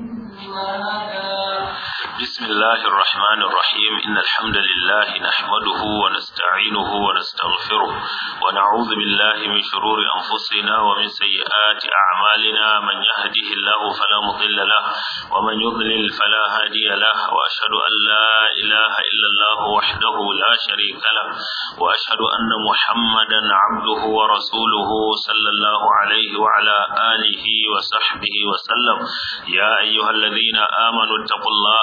ما بسم الله الرحمن الرحيم إن الحمد لله نحمده ونستعينه ونستغفره ونعوذ بالله من شرور أنفسنا ومن سيئات أعمالنا من يهده الله فلا مضل له ومن يضلل فلا هادي له وأشهد أن لا إله إلا الله وحده لا شريك له وأشهد أن محمدا عبده ورسوله صلى الله عليه وعلى آله وصحبه وسلم يا أيها الذين آمنوا اتقوا الله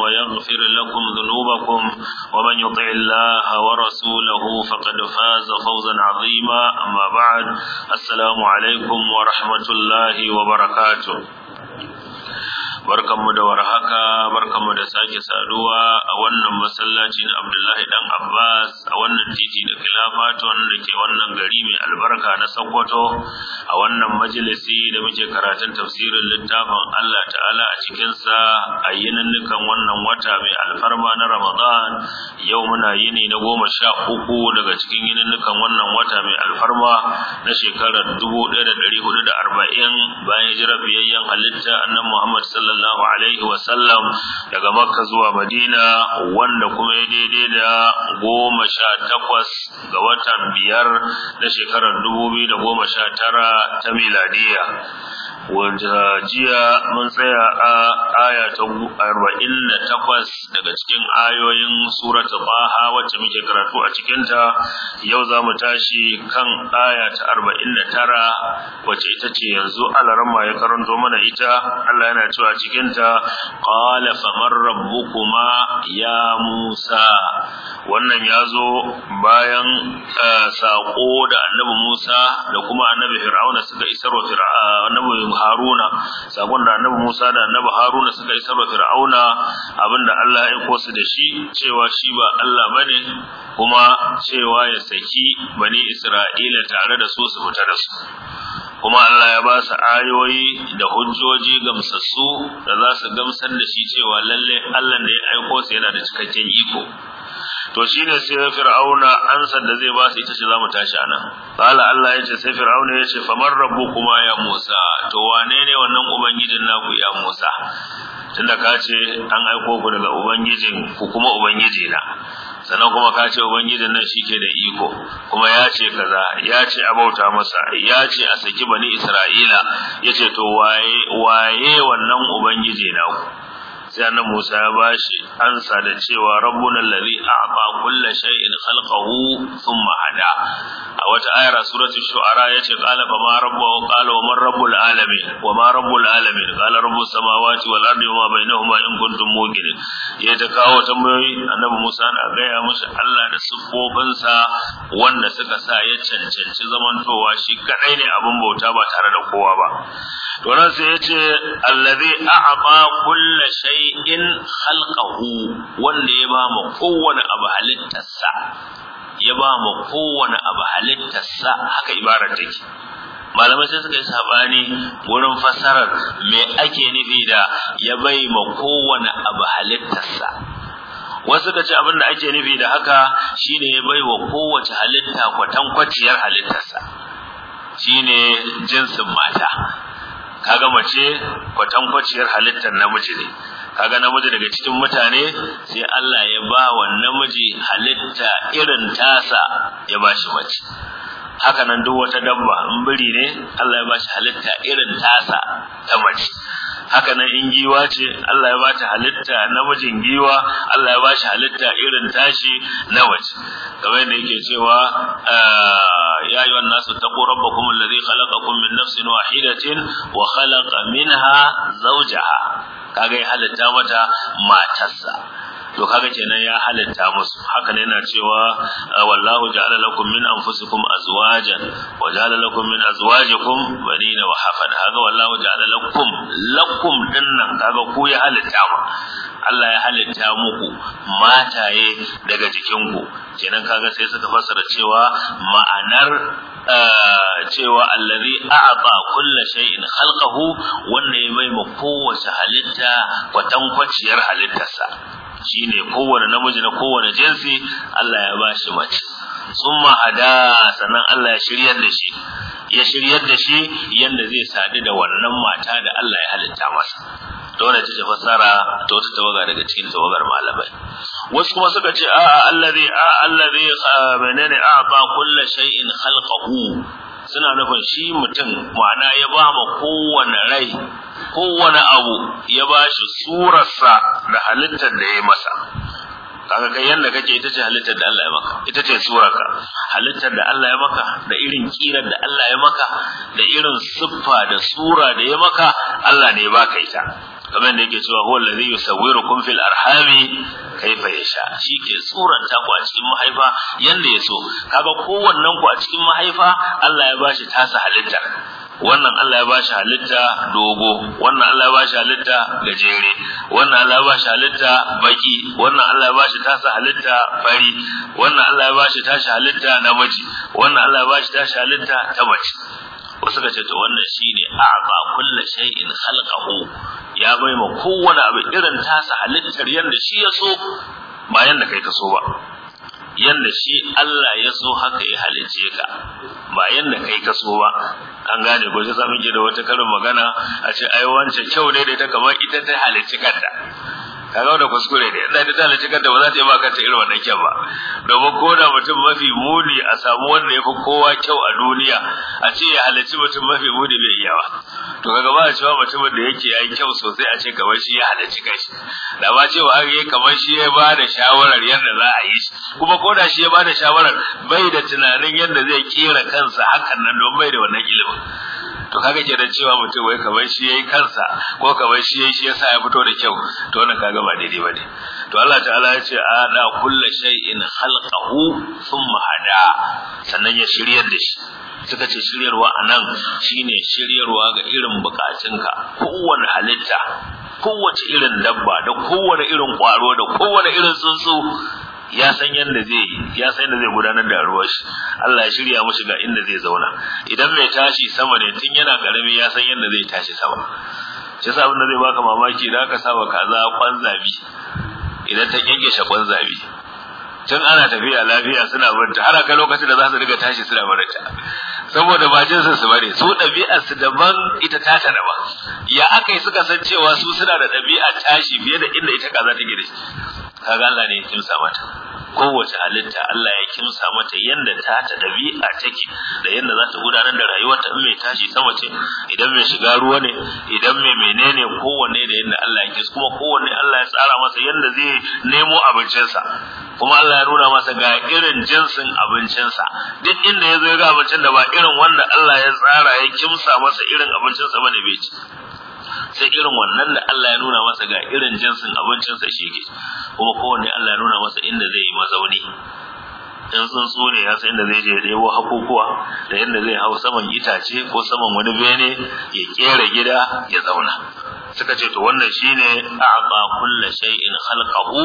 ويغفر لكم ذنوبكم ومن يطع الله ورسوله فقد فاز فوزا عظيما أما بعد السلام عليكم ورحمة الله وبركاته barkanmu da warhaka barkanmu da sake saduwa a wannan masallacin Abdullahi dan Abbas a wannan titi da wannan da ke wannan gari mai albarka na Sokoto a wannan majalisi da muke karatun tafsirin littafin Allah Ta'ala a cikin a ayyinan nukan wannan wata mai alfarma na Ramadan yau muna yini na goma sha uku daga cikin yinin nukan wannan wata mai alfarma na shekarar arba'in, bayan hijirar biyayyen halitta annabi Muhammad sallallahu sallallahu alaihi wasallam daga makka zuwa madina wanda kuma ya daidai da goma sha takwas ga watan biyar na shekarar dubu biyu da goma sha tara ta miladiya wajajiya jiya mun tsaya a aya ta 48 daga cikin ayoyin surata Baha wacce muke karatu a cikinta yau za mu tashi kan aya ta 49 wacce ita ce yanzu alarama ya karanto mana ita Allah yana cewa cikinta qala famar rabbukuma ya Musa wannan ya zo bayan eh, sako da annabi Musa da kuma annabi Fir'auna suka isarwa Fir'auna haruna sakon da annabi musa da annabi haruna suka yi wa fir'auna abinda allah ya kosu da shi cewa shi ba allah bane kuma cewa ya saki bani isra'ila tare da su su fita da su kuma Allah ya ba su ayoyi da hujjoji gamsassu da za su gamsar da shi cewa lalle Allah ne ya aiko su yana da cikakken iko to shine sai fir'auna ansa da zai ba su ita ce za mu tashi a nan? qala Allah yace sai fir'auna ya yace famar kuma ya Musa to wane ne wannan ubangijin naku ya Musa tunda ka ce an aiko ku daga ubangijin ku kuma na sannan kuma ka ce ubangijin nan shike da iko kuma ya ce kaza ya ce a bauta masa ya ce a saki bani isra'ila ya ce to waye waye wannan ubangiji naku sai Musa ya bashi ansa da cewa rabbuna allazi a'ta kulle shay'in khalqahu thumma hada a wata ayar suratu shu'ara yace qala fa ma rabbuhu qala wa man rabbul alamin wa ma rabbul alamin qala rabbus samawati wal ardi wa ma bainahuma in kuntum muqinin ya ta kawo tambayoyi annabi Musa na gaya mashi Allah da siffofinsa wanda suka sa ya cancanci zamantowa shi kadai ne abin bauta ba tare da kowa ba to nan sai ya ce allazi a'ta kulli shay'in khalqahu wanda ya ba mu kowane abu halittarsa ya ba mu kowane abu halittarsa haka ibara take malamai sai suka yi sabani wurin fasarar me ake nufi da ya bai ma kowane abu halittarsa wasu ka ce abin da ake nufi da haka shine ya bai wa kowace halitta kwatankwaciyar halittarsa Shi ne jinsin mata kaga mace kwatankwaciyar halittar namiji ne kaga namiji daga cikin mutane sai Allah ya ba wa namiji halitta irin tasa ya ba shi mace haka nan duk wata dabba in biri ne Allah ya ba shi halitta irin tasa ta mace haka nan in giwa ce Allah ya bata halitta na namijin giwa Allah ya bashi halitta irin tashi na waje kamar yadda yake cewa ah, ya ayyuha an-nasu kuma rabbakum alladhi khalaqakum min nafsin wahidatin wa khalaqa minha zawjaha kaga ya halitta mata matarsa to kaga kenan ya halatta musu haka ne yana cewa wallahu ja'ala lakum min anfusikum azwajan wa ja'ala lakum min azwajikum banina wa hafada Haka wallahu ja'ala lakum lakum dinnan kaga ku ya halatta mu Allah ya halitta muku mataye daga jikinku kenan kaga sai suka fassara cewa ma'anar cewa allazi a'ata kullu shay'in khalqahu wanda ya bai ma kowace halitta kwatankwaciyar halittarsa shine kowane namiji na kowane jinsi Allah ya bashi mace summa hada sanan Allah ya shiryar da shi ya shiryar da shi yanda zai sadu da wannan mata da Allah ya halitta masa dole ta fasara to ta tawaga daga cikin tawagar malamai wasu kuma suka ce a'a allazi a'a allazi menene a ba kullu shay'in khalqahu suna nufin shi mutum ma'ana ya ba ma kowane rai kowane abu ya ba shi surarsa da halittar da ya masa kaga kai yanda kake ita ce halittar da Allah ya maka ita ce surarka halittar da Allah ya maka da irin kirar da Allah ya maka da irin siffa da sura da ya maka Allah ne ya baka ita kamar da yake cewa huwa allazi yusawwirukum fil arhami kaifa yasha shi ke tsuranta ku a cikin mahaifa yanda ya so kaga kowannen ku a cikin mahaifa Allah ya bashi tasa halitta wannan Allah ya bashi halitta dogo wannan Allah ya bashi halitta gajere wannan Allah ya bashi halitta baki wannan Allah ya bashi tasa halitta fari wannan Allah ya bashi tasa halitta namiji wannan Allah ya bashi tasa halitta ta mace wasu ka ce to wannan shine a ba kullu in khalqahu ya bai ma kowane abu irin tasa halittar yanda shi ya so ba yanda kai ka so ba yanda shi Allah ya so haka ya halice ka ba yanda kai ka so ba an gane ko sai samu da wata karin magana a ce ai wance kyau ne da ta kamar ita ta halice kanta kaga wanda kuskure ne ina da dalaci kanta ba za ta yi ba kanta irin wannan kyan ba domin ko da mutum mafi muni a samu wanda ya fi kowa kyau a duniya a ce ya halarci mutum mafi muni bai iya ba to kaga ba a cewa mutumin da yake yayi kyau sosai a ce kamar shi ya halarci kanshi da ba cewa har yi kamar shi ya ba da shawarar yadda za a yi shi kuma ko da shi ya ba da shawarar bai da tunanin yadda zai kera kansa hakan nan don bai da wannan ilimin to kaga kenan cewa mutum wai kamar shi yayi kansa ko kamar shi yayi shi yasa ya fito da kyau to wannan kaga ba daidai bane to Allah ta'ala ya ce a da kullu shay'in khalqahu thumma hada sannan ya shiryar da shi suka ce shiryarwa anan shine shiryarwa ga irin bukatunka kowanne halitta kowace irin dabba da kowanne irin kwaro da kowanne irin tsuntsu ya san yadda zai ya san yadda zai gudanar da ruwa shi Allah ya shirya mu ga inda zai zauna idan mai tashi sama ne tun yana karami ya san yadda zai tashi sama shi yasa abin da zai baka mamaki da aka saba kaza kwanzabi idan ta kyankyashe kwanzabi tun ana tafiya lafiya suna barta har aka lokacin da za su riga tashi suna barinta saboda ba jinsin su bane su ɗabi'ar su daban ita ta ta daban ya aka suka san cewa su suna da ɗabi'a tashi fiye da inda ita kaza take da shi kaga Allah ne ya kimsa mata kowace halitta Allah ya kimsa mata yanda ta ta dabi'a take da yadda za ta gudanar da rayuwarta in mai tashi sama ce idan mai shiga ruwa ne idan mai menene kowanne da yadda Allah ya kimsa kuma kowanne Allah ya tsara masa yanda zai nemo abincinsa kuma Allah ya nuna masa ga irin jinsin abincinsa duk inda ya zo ya ga abincin da ba irin wanda Allah ya tsara ya kimsa masa irin abincinsa bane bai ci sai irin wannan da Allah ya nuna masa ga irin jinsin abincinsa shi ke kuma kowanne Allah ya nuna masa inda zai yi mazauni in tsuntsu ne ya san inda zai je wa hakukuwa da inda zai hau saman itace ko saman wani bene ya kera gida ya zauna suka ce to wannan shine a'ta kullu shay'in khalqahu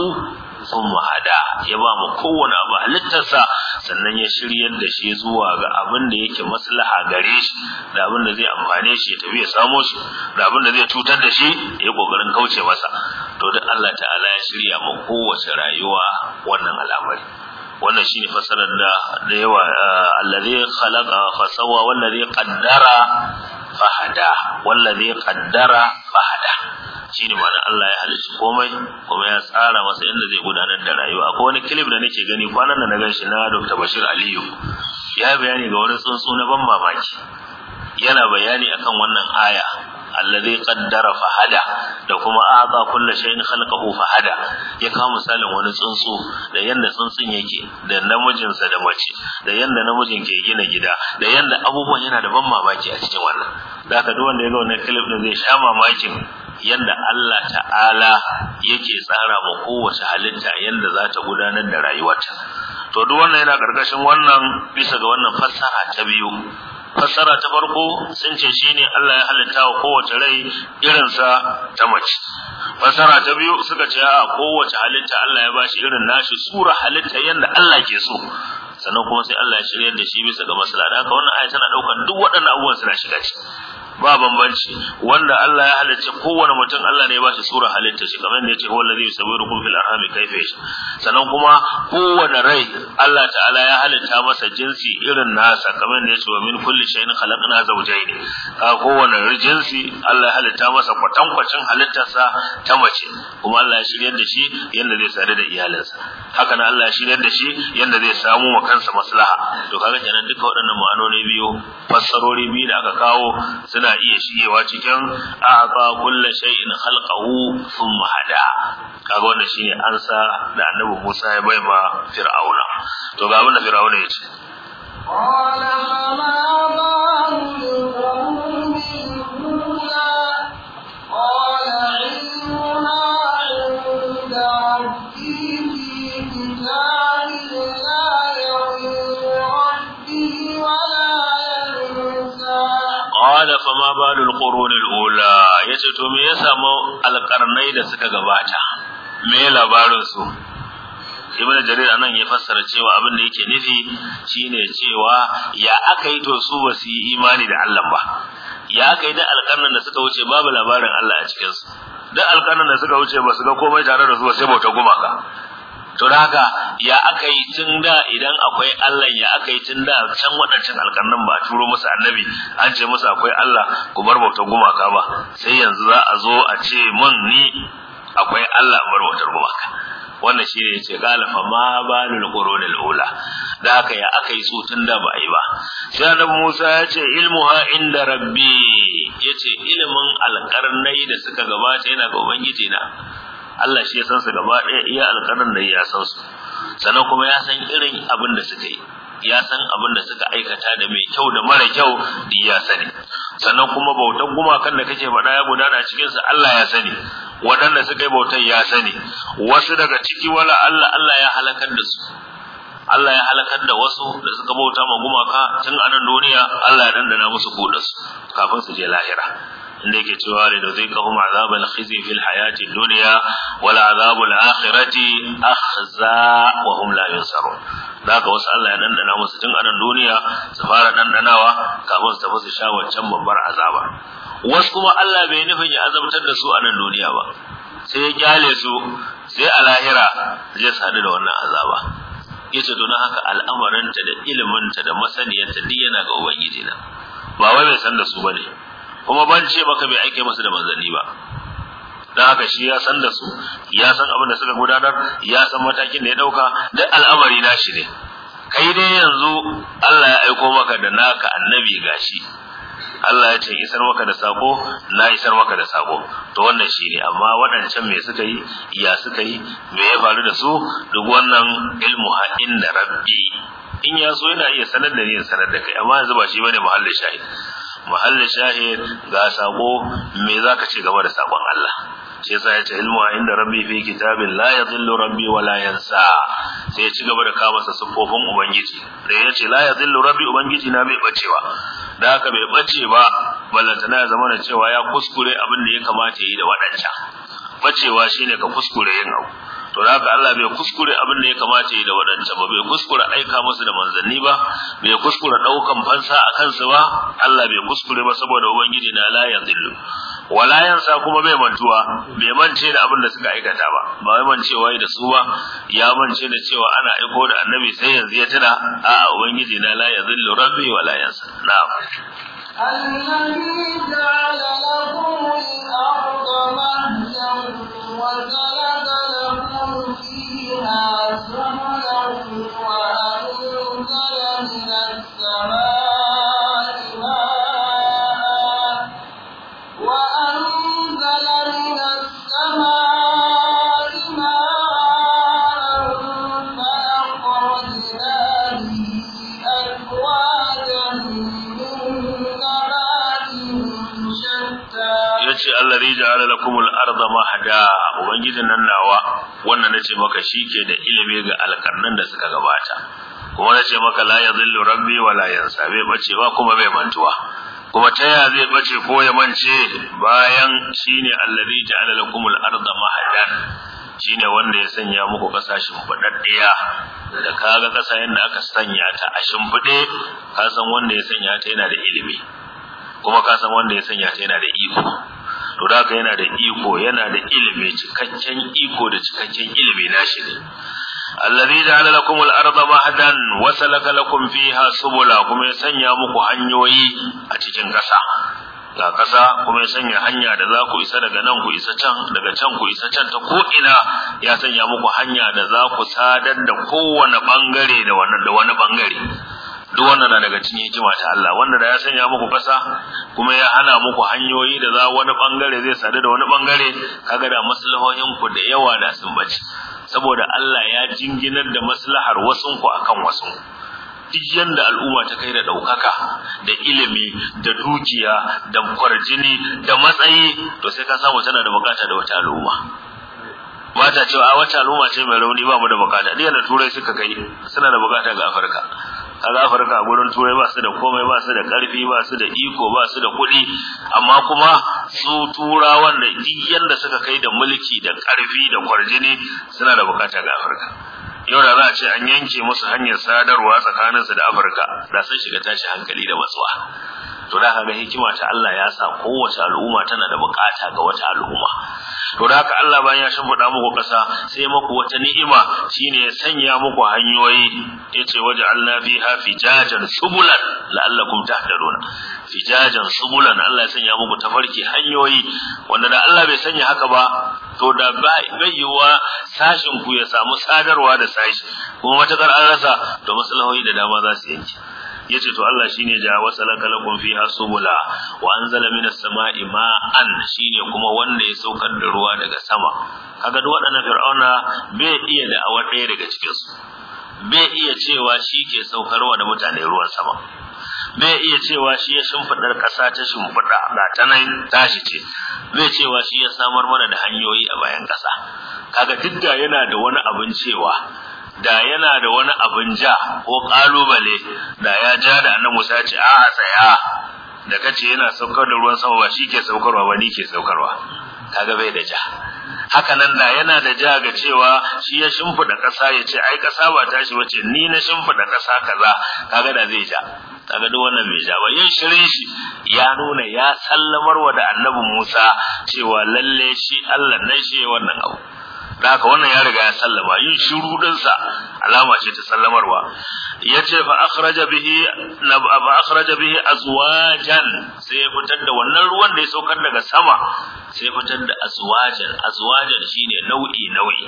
thumma hada ya ba mu kowane abu halittarsa sannan ya shiryar da shi zuwa ga abin da yake maslaha gare shi da abin da zai amfane shi ya tafi ya samo shi da abin da zai cutar da shi ya kokarin kauce masa to duk Allah ta'ala ya shirya mu kowace rayuwa wannan al'amari wannan shine fasarar da da yawa eh, allazi khalaqa fa sawwa wallazi qaddara fa hada wallazi qaddara fa hada shine ma'ana Allah ya halicci komai kuma ya tsara masa yadda zai gudanar da rayuwa akwai wani clip da nake gani kwanan da na ganshi na Dr. Bashir Aliyu ya bayani ga wani tsuntsu na ban mamaki yana bayani akan wannan aya alladhi qaddara fahada da kuma aza kullu shay'in khalqahu fahada ya kawo misalin wani tsuntsu da yanda tsuntsun yake da namijinsa da mace da yanda namijin ke gina gida da yanda abubuwan yana da ban mamaki a cikin wannan da duk wanda ya ga wannan clip din zai sha mamakin yanda Allah ta'ala yake tsara ma kowace halitta yanda za ta gudanar da rayuwarta to duk wannan yana karkashin wannan bisa ga wannan fasaha ta biyu fassara ta farko sun ce shi ne Allah ya halitta wa kowace rai irinsa ta mace fassara ta biyu suka ce a kowace halitta Allah ya bashi irin nashi sura halitta yanda Allah ke so sannan kuma sai Allah ya shirya da shi bisa ga da haka wannan aya tana ɗaukar duk waɗannan abubuwan suna shiga ciki ba bambanci wanda Allah ya halicce kowane mutum Allah ne ya bashi sura halitta shi kamar da yace wallazi yusawwirukum fil arhami kayfa yashi sannan kuma kowane rai Allah ta'ala ya halitta masa jinsi irin nasa kamar da yace wa min kulli shay'in khalaqna zawjayn ka kowane jinsi Allah ya halitta masa kwatankwacin halittarsa ta mace kuma Allah ya shiryar da shi yadda zai sare da iyalinsa haka nan Allah ya shiryar da shi yadda zai samu wa kansa maslaha to kaga kenan duka waɗannan ma'anoni biyu fassarori biyu da aka kawo suna tana iya shigewa cikin a'ta kullu shay'in khalqahu thumma hada kaga wannan shine ansa da annabi Musa ya bai ma Fir'auna to ga abin da Fir'auna ya ce qala balul qurunil ula yace to me ya samu alqarnai da suka gabata me labarin su ibnu jarir anan ya fassara cewa abin da yake nufi shine cewa ya aka yi to su ba su yi imani da Allah ba ya aka yi da alqarnan da suka wuce babu labarin Allah a cikin su da alqarnan da suka wuce ba su ga komai tare da su ba sai bauta gumaka to haka ya aka yi tun da idan akwai Allah ya aka yi tun da can waɗancan alƙarnin ba a turo musu annabi an ce musu akwai Allah ku bar bautar gumaka ba sai yanzu za a zo a ce mun ni akwai Allah bar bautar gumaka wannan shi ne yace galafa ma balul qurunil ula da haka ya aka yi su tun da ba a yi ba sai annabi Musa ya ce ilmuha inda rabbi yace ilimin alƙarnai da suka gabata yana ga ubangiji na Allah shi ya san su gaba ɗaya iya alƙarin da ya san su sannan kuma ya san irin abin da suka yi ya san abin da suka aikata da mai kyau da mara kyau duk ya sani sannan kuma bautan gumakan da kake faɗa ya gudana cikin su Allah ya sani waɗanda suka yi bautan ya sani wasu daga ciki wala Allah Allah ya halakar da su Allah ya halakar da wasu da suka bauta ma gumaka tun a nan duniya Allah ya dandana musu su kafin su je lahira inda yake cewa da nuziqahum azabal khizi fil hayati wala azabu azabul akhirati akhza wa hum la yunsarun daga wasu Allah ya dandana musu tun anan duniya su fara dandanawa kafin su tafi su sha wancan babbar azaba wasu kuma Allah bai nufin ya azabtar da su anan duniya ba sai ya kyale su sai a lahira zai sadu da wannan azaba yace don haka al'amarinta da iliminta da masaniyarta duk yana ga ubangiji na ba wai bai san da su bane kuma ban ce maka bai aike masu da manzanni ba dan haka shi ya san da su ya san abin da suka gudanar ya san matakin da ya dauka da al'amari na shi ne kai dai yanzu Allah ya aiko maka da naka annabi gashi Allah ya ce isar maka da sako na isar maka da sako to wannan shi ne. amma waɗancan me suka yi ya suka yi me ya faru da su duk wannan ilmu ha inda rabbi in ya so yana iya sanar da ni sanar da kai amma yanzu ba shi bane muhallin shahid mahallin shahid ga sako me zaka ce gaba da sakon Allah Sai yasa ya ce ilmu inda rabbi fi kitabin la yadhillu rabbi wa la yansa sai ya ci gaba da kawo sa sufofin ubangiji da ya ce la yadhillu rabbi ubangiji na bai bacewa da haka bai bace ba ballantana ya zama da cewa ya kuskure abin da ya kamata yi da wadancan bacewa shine ka kuskure yin abu to da haka Allah bai kuskure abin da ya kamata ya da wadanda ba bai kuskure aika musu da manzanni ba bai kuskure daukan fansa a kansu ba Allah bai kuskure ba saboda ubangiji na la yadhillu wala yansa kuma bai mantuwa bai mance da abin da suka aikata ba ba wai da su ba ya mance da cewa ana aiko da annabi sai yanzu ya tana a ubangiji na la yadhillu rabbi wala yansa na'am الذي جعل لكم الأرض مهدا وجعل فيها سمنا وأنزل من السماء ماء وأنزل من السماء ماء فأخرجنا به أزواجا من نبات شتى. يجعل الذي جعل لكم الأرض مهدا ومن جد النواة wannan nace maka shi ke da ilimi ga alƙarnan da suka gabata kuma nace maka la yadhillu rabbi wa la yansa bai ba kuma bai mantuwa kuma ta yaya zai bace ko ya mance bayan shine allazi ja'ala al-ardha mahadan shine wanda ya sanya muku kasa shimfiɗaɗɗiya da kaga kasa yadda aka sanya ta a shimfiɗe ka san wanda ya sanya ta yana da ilimi kuma ka san wanda ya sanya ta yana da iko to da yana da iko yana da ilimi cikakken iko da cikakken ilimi shi ne allazi ja'ala lakum al-ardha mahdan wa salaka lakum fiha subula kuma ya sanya muku hanyoyi a cikin ƙasa ga ƙasa kuma ya sanya hanya da za ku isa daga nan ku isa can daga can ku isa can ta ko'ina ya sanya muku hanya da za ku sadar da kowane bangare da wani bangare. duk wannan na daga cikin hikima ta Allah wanda da ya sanya muku kasa kuma ya hana muku hanyoyi da za wani bangare zai sadu da wani bangare kaga da maslahohin ku da yawa da sun bace saboda Allah ya jinginar da maslahar wasun ku akan wasun duk yanda al'umma ta kai da ɗaukaka da ilimi da dukiya da kwarjini da matsayi to sai ka samu tana da bukata da wata al'umma mata cewa a wata al'umma ce mai rauni ba mu da bukata diyar da turai suka kai suna da bukata ga afirka za Afirka a gurin turai ba su da komai ba su da karfi ba su da iko ba su da kuɗi amma kuma su turawan da duk yanda suka kai da mulki da karfi da kwarjini suna da bukata ga Afirka yau da za a ce an yanke musu hanyar sadarwa tsakaninsu da Afirka da sun shiga tashi hankali da matsuwa to da haka hikima ta Allah ya sa kowace al'umma tana da bukata ga wata al'umma to da haka Allah bayan ya shimfiɗa muku ƙasa sai muku wata ni'ima shine ya sanya muku hanyoyi yace waja'alna fiha fijajan subulan la'allakum tahtaduna fijajan subulan Allah ya sanya muku tafarki hanyoyi wanda da Allah bai sanya haka ba to da bai yiwa sashin ku ya samu sadarwa da sashi kuma matakar an rasa to maslahoyi da dama za su yanke yace to Allah shine ja wasalaka lakum fiha subula wa anzala minas sama'i ma'an shine kuma wanda ya saukar da ruwa daga sama kaga duk waɗannan fir'auna bai iya da awa ɗaya daga cikin su bai iya cewa shi ke saukarwa da mutane ruwan sama bai iya cewa shi ya shimfidar ƙasa ta shimfida ga ta nan tashi ce bai cewa shi ya samar mana da hanyoyi a bayan kasa. kaga duk da yana da wani abin cewa da yana da wani abin ja ko kalubale da ya ja da annabi Musa ce a tsaya da kace yana saukar da ruwan sama ba shi ke saukarwa ba ni ke saukarwa kaga bai da ja haka nan da yana da ja ga cewa shi ya shimfida ƙasa ya ce ai kasa ba tashi wace ni na shimfida ƙasa kaza kaga da zai ja kaga duk wannan mai zaba yin shirin shi ya nuna ya sallamar wa da annabi Musa cewa lalle shi Allah nan shi wannan abu da haka wannan ya riga ya sallama yin shiru dinsa alama ce ta sallamarwa yace fa akhraja bihi na ba akhraja bihi azwajan sai ya fitar da wannan ruwan da ya saukar daga sama sai fitar da azwajan azwajan shine nau'i nau'i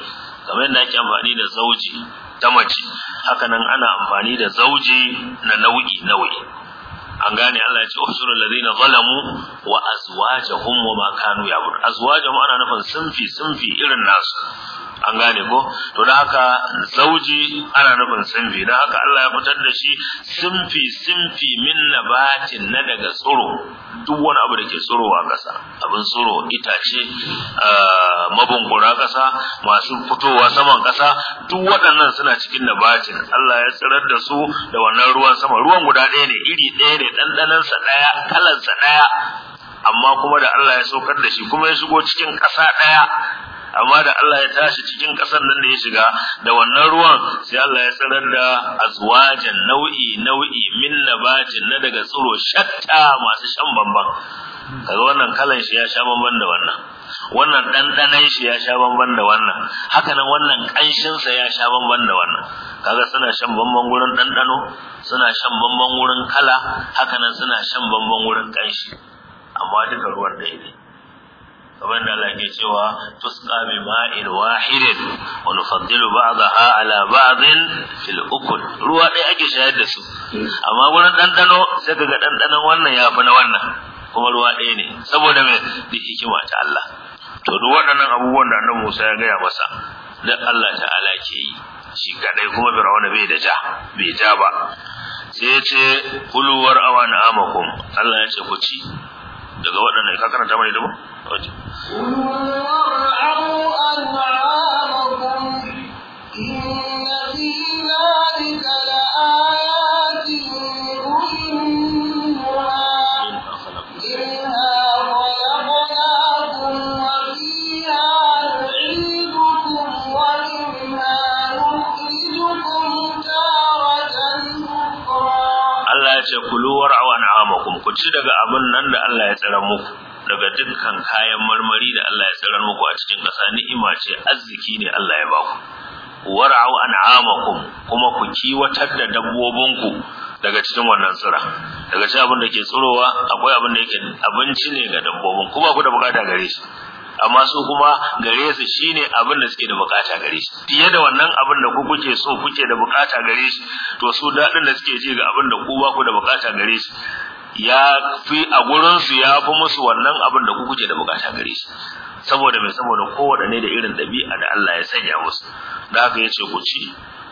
kamar yadda ake amfani da zauji ta mace hakanan ana amfani da zauje na nau'i nau'i an gane Allah ya ce usul ladina zalamu wa azwajuhum wa ma kanu ya'bud azwajuhum ana nufin sunfi sunfi irin nasu an gane ko to da haka zauji ana nufin sinfi da haka Allah ya fitar da shi sinfi sinfi min nabatin na daga tsoro duk wani abu da ke tsirowa ƙasa abin tsiro itace ah, mabungura ƙasa masu fitowa saman ƙasa duk waɗannan suna cikin nabatin Allah ya tsirar da su da wannan ruwan sama ruwan guda ɗaya ne iri ɗaya ne ɗanɗanansa ɗaya kalansa ɗaya amma kuma da Allah ya saukar da shi kuma ya shigo cikin ƙasa ɗaya amma da Allah ya tashi cikin ƙasar nan da ya shiga da wannan ruwan sai Allah ya sanar da azwajan nau'i nau'i min nabatin na daga tsiro shatta masu shan bamban kaga wannan kalan shi ya sha bamban da wannan wannan ɗanɗanan shi ya sha bamban da wannan haka nan wannan ƙanshinsa ya sha bamban da wannan kaga suna shan bamban gurin ɗanɗano suna shan bamban wurin kala haka nan suna shan bamban wurin ƙanshi amma duka ruwan ɗaya ne kamar da Allah ke cewa tusqa bi ma'in wahidin wa nufaddilu ba'daha ala ba'din fil ukul ruwa dai ake shayar da su amma gurin dandano sai kaga dandanon wannan ya fi na wannan kuma ruwa ɗaya ne saboda me da hikima ta Allah to duk waɗannan abubuwan da Annabi Musa ya gaya masa da Allah ta'ala ke yi shi kadai kuma fir'aun bai da ja bai ja ba sai ya ce kuluwar awana amakum Allah ya ce ku ci daga waɗannan ka karanta mai da ba ku ci daga abin nan da Allah ya tsara muku daga dukkan kayan marmari da Allah ya tsara muku a cikin ƙasa ni'ima ce arziki ne Allah ya baku wara'u an'amakum kuma ku kiwatar da dabbobinku daga cikin wannan tsira daga cikin abin da ke tsirowa akwai abin da yake abinci ne ga dabbobin kuma ku da bukata gare shi amma su kuma gare su shine abin da suke da bukata gare shi fiye da wannan abin da ku kuke so kuke da bukata gare shi to su dadin da suke ji ga abin da ku ba ku da bukata gare shi ya fi a gurin su ya fi musu wannan abin da ku kuke da bukata gare shi saboda mai saboda kowanne da irin dabi'a da Allah ya sanya musu da haka yace ku ci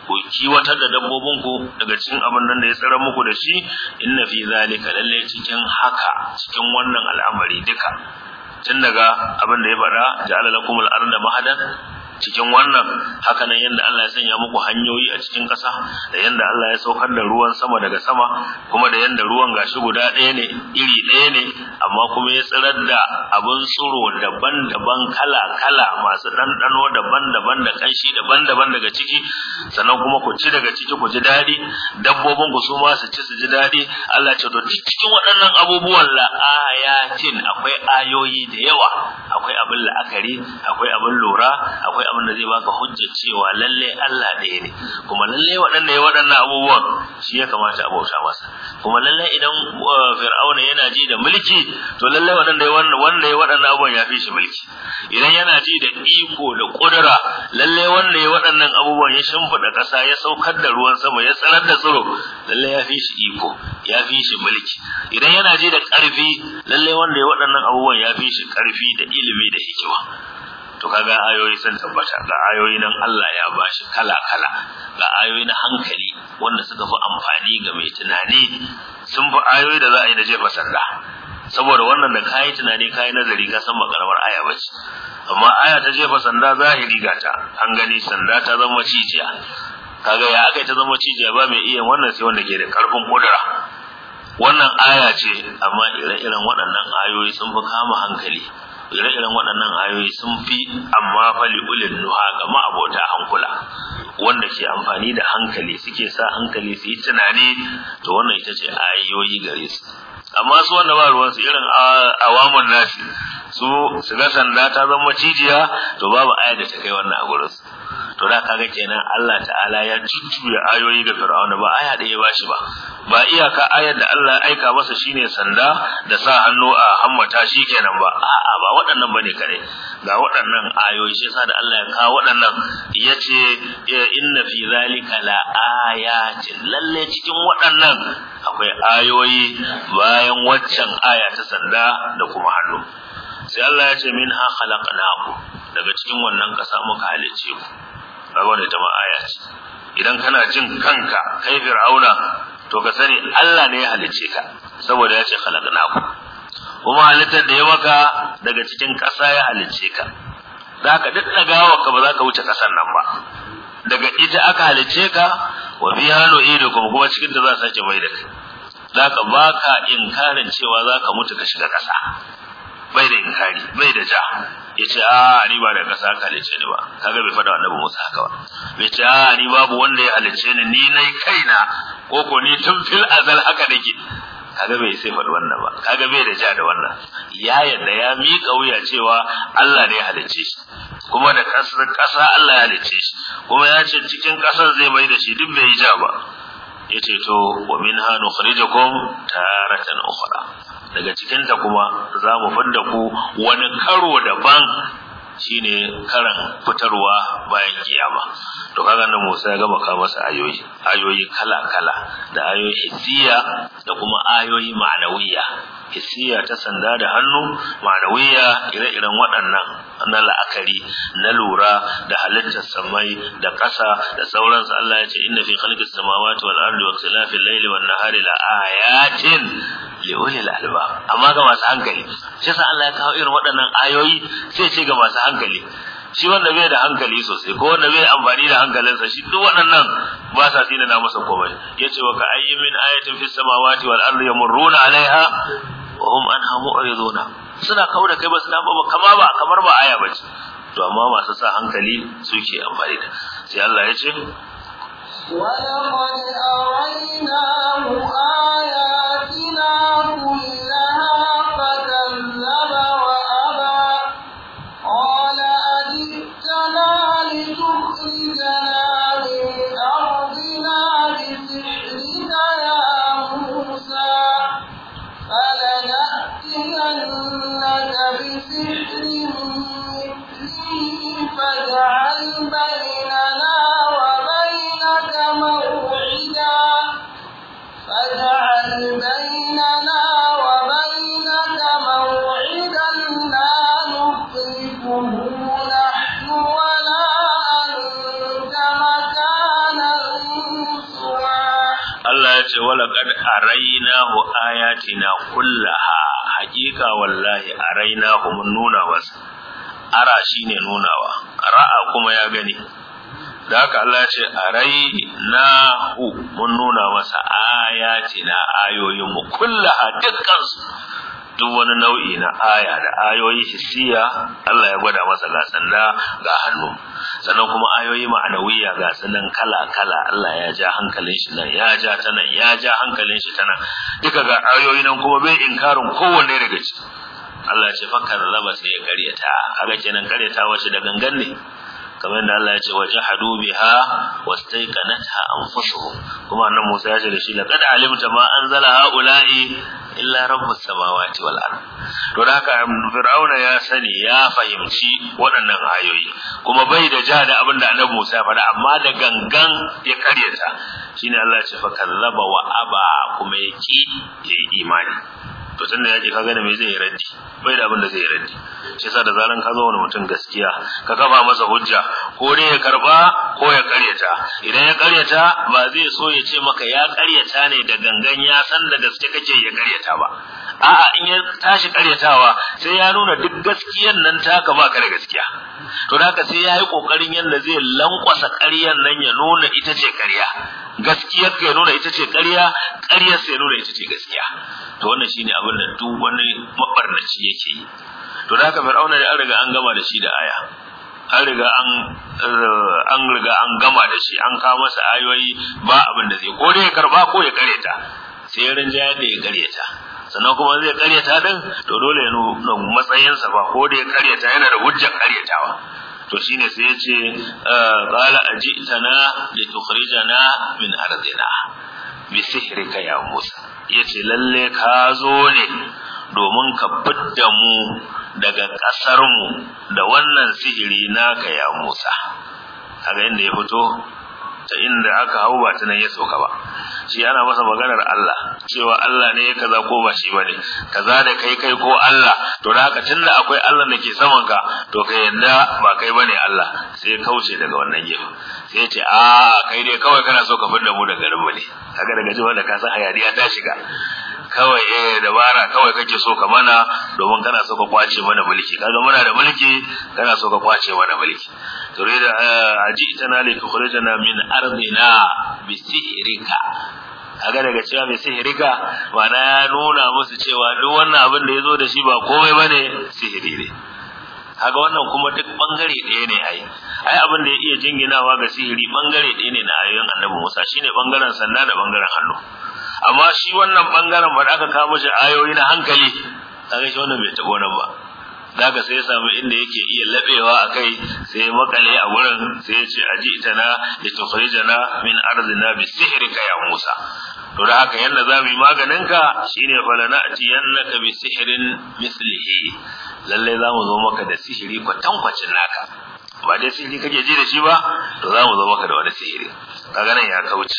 ku kiwatar da ku daga cikin abin nan da ya tsara muku da shi inna fi zalika lalle cikin haka cikin wannan al'amari duka tun daga abin da ya faɗa ja'alalakumul arda mahadan cikin wannan hakanan yadda Allah ya sanya muku hanyoyi a cikin ƙasa da yadda Allah ya saukar da ruwan sama daga sama kuma da yadda ruwan gashi guda ɗaya ne iri ɗaya ne amma kuma ya tsirar da abin tsiro daban-daban kala-kala masu ɗanɗano daban-daban da ƙanshi daban-daban daga ciki sannan kuma ku ci daga ciki ku ji daɗi dabbobin ku su ma su ci su ji daɗi Allah ce to cikin waɗannan abubuwan la ayatin akwai ayoyi da yawa akwai abin la'akari akwai abin lura akwai abin da zai baka hujja cewa lalle Allah ɗaya ne kuma lalle waɗanda ya waɗannan abubuwan shi ya kamata a bauta masa kuma lalle idan uh, fir'auna yana ji da mulki to lalle waɗanda ya wanda ya waɗannan abubuwan ya fi shi mulki idan yana ji da iko da ƙudura lalle wanda ya waɗannan abubuwan ya shimfiɗa ƙasa ya saukar da ruwan sama ya tsanar da tsiro lalle ya fi shi iko ya fi shi mulki idan yana ji da ƙarfi lalle wanda ya waɗannan abubuwan ya fi shi ƙarfi da ilimi da hikima to kaga ayoyi sun tabbata ga ayoyi nan Allah ya bashi kala kala ga ayoyi na hankali wanda suka fi amfani ga mai tunani sun fi ayoyi da za a yi na jefa sanda saboda wannan da kayi tunani kayi nazari ka san makarwar aya bace amma aya ta jefa sanda zahiri gata an gani sanda ta zama cijiya kaga ya aka ta zama cijiya ba mai iya wannan sai wanda ke da karfin kudura wannan aya ce amma ire-iren waɗannan ayoyi sun fi kama hankali ire-iren waɗannan ayoyi sun fi amma fali ulin nuha ga ma'abota hankula wanda ke amfani da hankali suke sa hankali su yi tunani to wannan ita ce ayoyi gare su amma su wanda ba ruwan su irin awamun nasi su su ga sanda ta zama cijiya to babu aya da ta kai wannan a gurin su to da kaga kenan Allah ta'ala ya cucuya ayoyi da Fir'auna ba aya da ya bashi ba ba iyaka ayar da Allah ya aika masa shine sanda da sa hannu a hammata shi kenan ba a'a ba waɗannan bane kare ga waɗannan ayoyi shi yasa da Allah ya kawo waɗannan yace inna fi zalika la ayatin lalle cikin waɗannan akwai ayoyi bayan waccan aya ta sanda da kuma hannu sai Allah ya ce minha khalaqnakum daga cikin wannan kasa muka halice ku ga wannan ita ma aya ce idan kana jin kanka kai fir'auna to ka sani Allah ne ya halice ka saboda ya ce khalaqnakum kuma halittar da ya maka daga cikin ƙasa ya halicce ka za ka daddagawa ka ba za ka wuce ƙasar nan ba daga ita aka halicce ka wa biha nu'idukum kuma cikin da za a sake bai da kai za ka ba baka inkarin cewa za ka mutu ka shiga ƙasa bai da inkari bai da ja ya ce a ni ba da ƙasa aka halicce ni ba kaga bai faɗa annabi Musa haka ba bai ce a ni babu wanda ya halicce ni ni nai kaina ko ko ni tun fil azal haka nake kaga bai sai faɗi wannan ba kaga bai da ja da wannan ya yadda ya mika wuya cewa Allah ne ya halicce shi kuma da kasa Allah ya halicce shi kuma ya ce cikin ƙasar zai mai da shi duk bai ja ba yace to wa minha nukhrijukum taratan ukhra daga cikin ta kuma za mu fadda ku wani karo daban shine karan fitarwa bayan kiyama to kaga nan Musa ya gama ka masa ayoyi ayoyi kala kala da ayoyi hissiya da kuma ayoyi ma'anawiyya hissiya ta sanda da hannu ma'anawiya ire-iren waɗannan na la'akari na lura da halittar samai da ƙasa da sauransu Allah ya ce inna fi khalqis samawati wal ardi wa ikhtilafil layli wan nahari la ayatin li ulil albab amma ga masu hankali shi Allah ya kawo irin waɗannan ayoyi sai ce ga masu hankali shi wanda bai da hankali sosai ko wanda bai amfani da hankalinsa shi duk waɗannan ba sa tsina na masa komai Ya ce wa ka min ayatin fis samawati wal ardi yamurruna alaiha wa hum anha mu'riduna suna kauda kai ba su na ba kama ba kamar ba aya bace to amma masu sa hankali suke amfani da sai Allah ya ce ولقد أريناه arainahu ayatina kullaha haƙiƙa wallahi arainahu mun nuna masa ara shine nunawa ra'a kuma ya gani da haka Allah ce arainahu mun nuna masa ayatina ayoyin mu kullaha dukkan su duk wani nau'i na aya da ayoyi hissiya Allah ya gwada masa gasanna ga hannu sannan kuma ayoyi ma'anawiya ga sanan kala-kala Allah ya ja hankalin shi nan ya ja ta nan ya ja hankalin shi ta nan duka ga ayoyi nan kuma bai inkarin kowanne daga ciki Allah ce fakar laba sai ya karyata kaga kenan karyata wace da gangan ne kamar da Allah ya ce hadu biha wastaiqanatha anfusuhum kuma annabi Musa ya ce da shi laqad alimta ma anzala haula'i illa rabbus samawati wal ard to da haka um, fir'auna ya sani ya fahimci waɗannan ayoyi kuma bai da ja da abinda annabi Musa faɗa amma da gangan ya karyata shine Allah ya ce fa kallaba wa aba kuma yaki yayi imani to tun da ce, kaga da me zai raddi bai da abin da zai raddi shi yasa da zaran ka zo wani mutum gaskiya ka kafa masa hujja ko dai ya karba ko ya karyata idan ya karyata ba zai so ya ce maka ya karyata ne da gangan ya san da gaske kake ya karyata ba a'a in ya tashi karyatawa sai ya nuna duk gaskiyar nan ka ba ka da gaskiya to da haka sai ya yi kokarin yanda zai lankwasa ƙaryan nan ya nuna ita ce ƙarya gaskiyar ka ya nuna ita ce ƙarya ƙaryar sai ya nuna ita ce gaskiya to wannan shine abin da duk wani mabarnaci yake yi to da haka fir'auna da an riga an gama da shi da aya an riga an eh, an riga an gama da shi an kawo masa ayoyi ba abin da zai ko dai ya karba ko ya kareta sai ya rinjaya da ya kareta sannan kuma zai karyata din to dole ya nuna matsayinsa ba ko da ya karyata yana da hujjar karyatawa to shine sai ya ce ah, qala ajitana tukhrijana min ardina bi sihrika ya Musa yace lalle ka zo ne domin ka fidda mu daga kasar mu da wannan sihiri naka ya Musa kaga inda ya fito ta inda aka hau ba ta nan ya sauka ba shi ana masa maganar Allah cewa Allah ne ya kaza ko ba shi bane kaza da kai kai ko Allah to da haka tunda akwai Allah da ke saman ka to kai yanda ba kai bane Allah sai kauce daga wannan gefe sai ce a kai dai kawai kana so ka da mu daga garin mu ne kaga daga jiwa da ka san hayaniya ta shiga kawai eh dabara kawai kake so ka mana domin kana so ka kwace mana mulki kaga muna da mulki kana so ka kwace mana mulki تريد أجئتنا لتخرجنا من أرضنا بسحرك kaga daga cewa mai sihirika ka mana ya nuna musu cewa duk wannan abin da ya zo da shi ba komai ba ne sihiri ne kaga wannan kuma duk bangare ɗaya ne ai ai abin da ya iya jinginawa ga sihiri bangare ɗaya ne na ayoyin annabi musa shi ne bangaren sanda da bangaren hannu amma shi wannan bangaren ba da aka kawo shi ayoyi na hankali kaga shi wannan bai taɓo nan ba daga sai ya samu inda yake iya labewa a kai sai ya makale a wurin sai ya ce aji na ya tukhrijana min arzina bi ka ya Musa to da haka yanda za mu yi maganin ka shine falana atiyannaka bi sihirin mislihi lallai za mu zo maka da sihiri kwatankwacin naka ba dai sihiri kake ji da shi ba to za mu zo maka da wani sihiri kaga nan ya kauce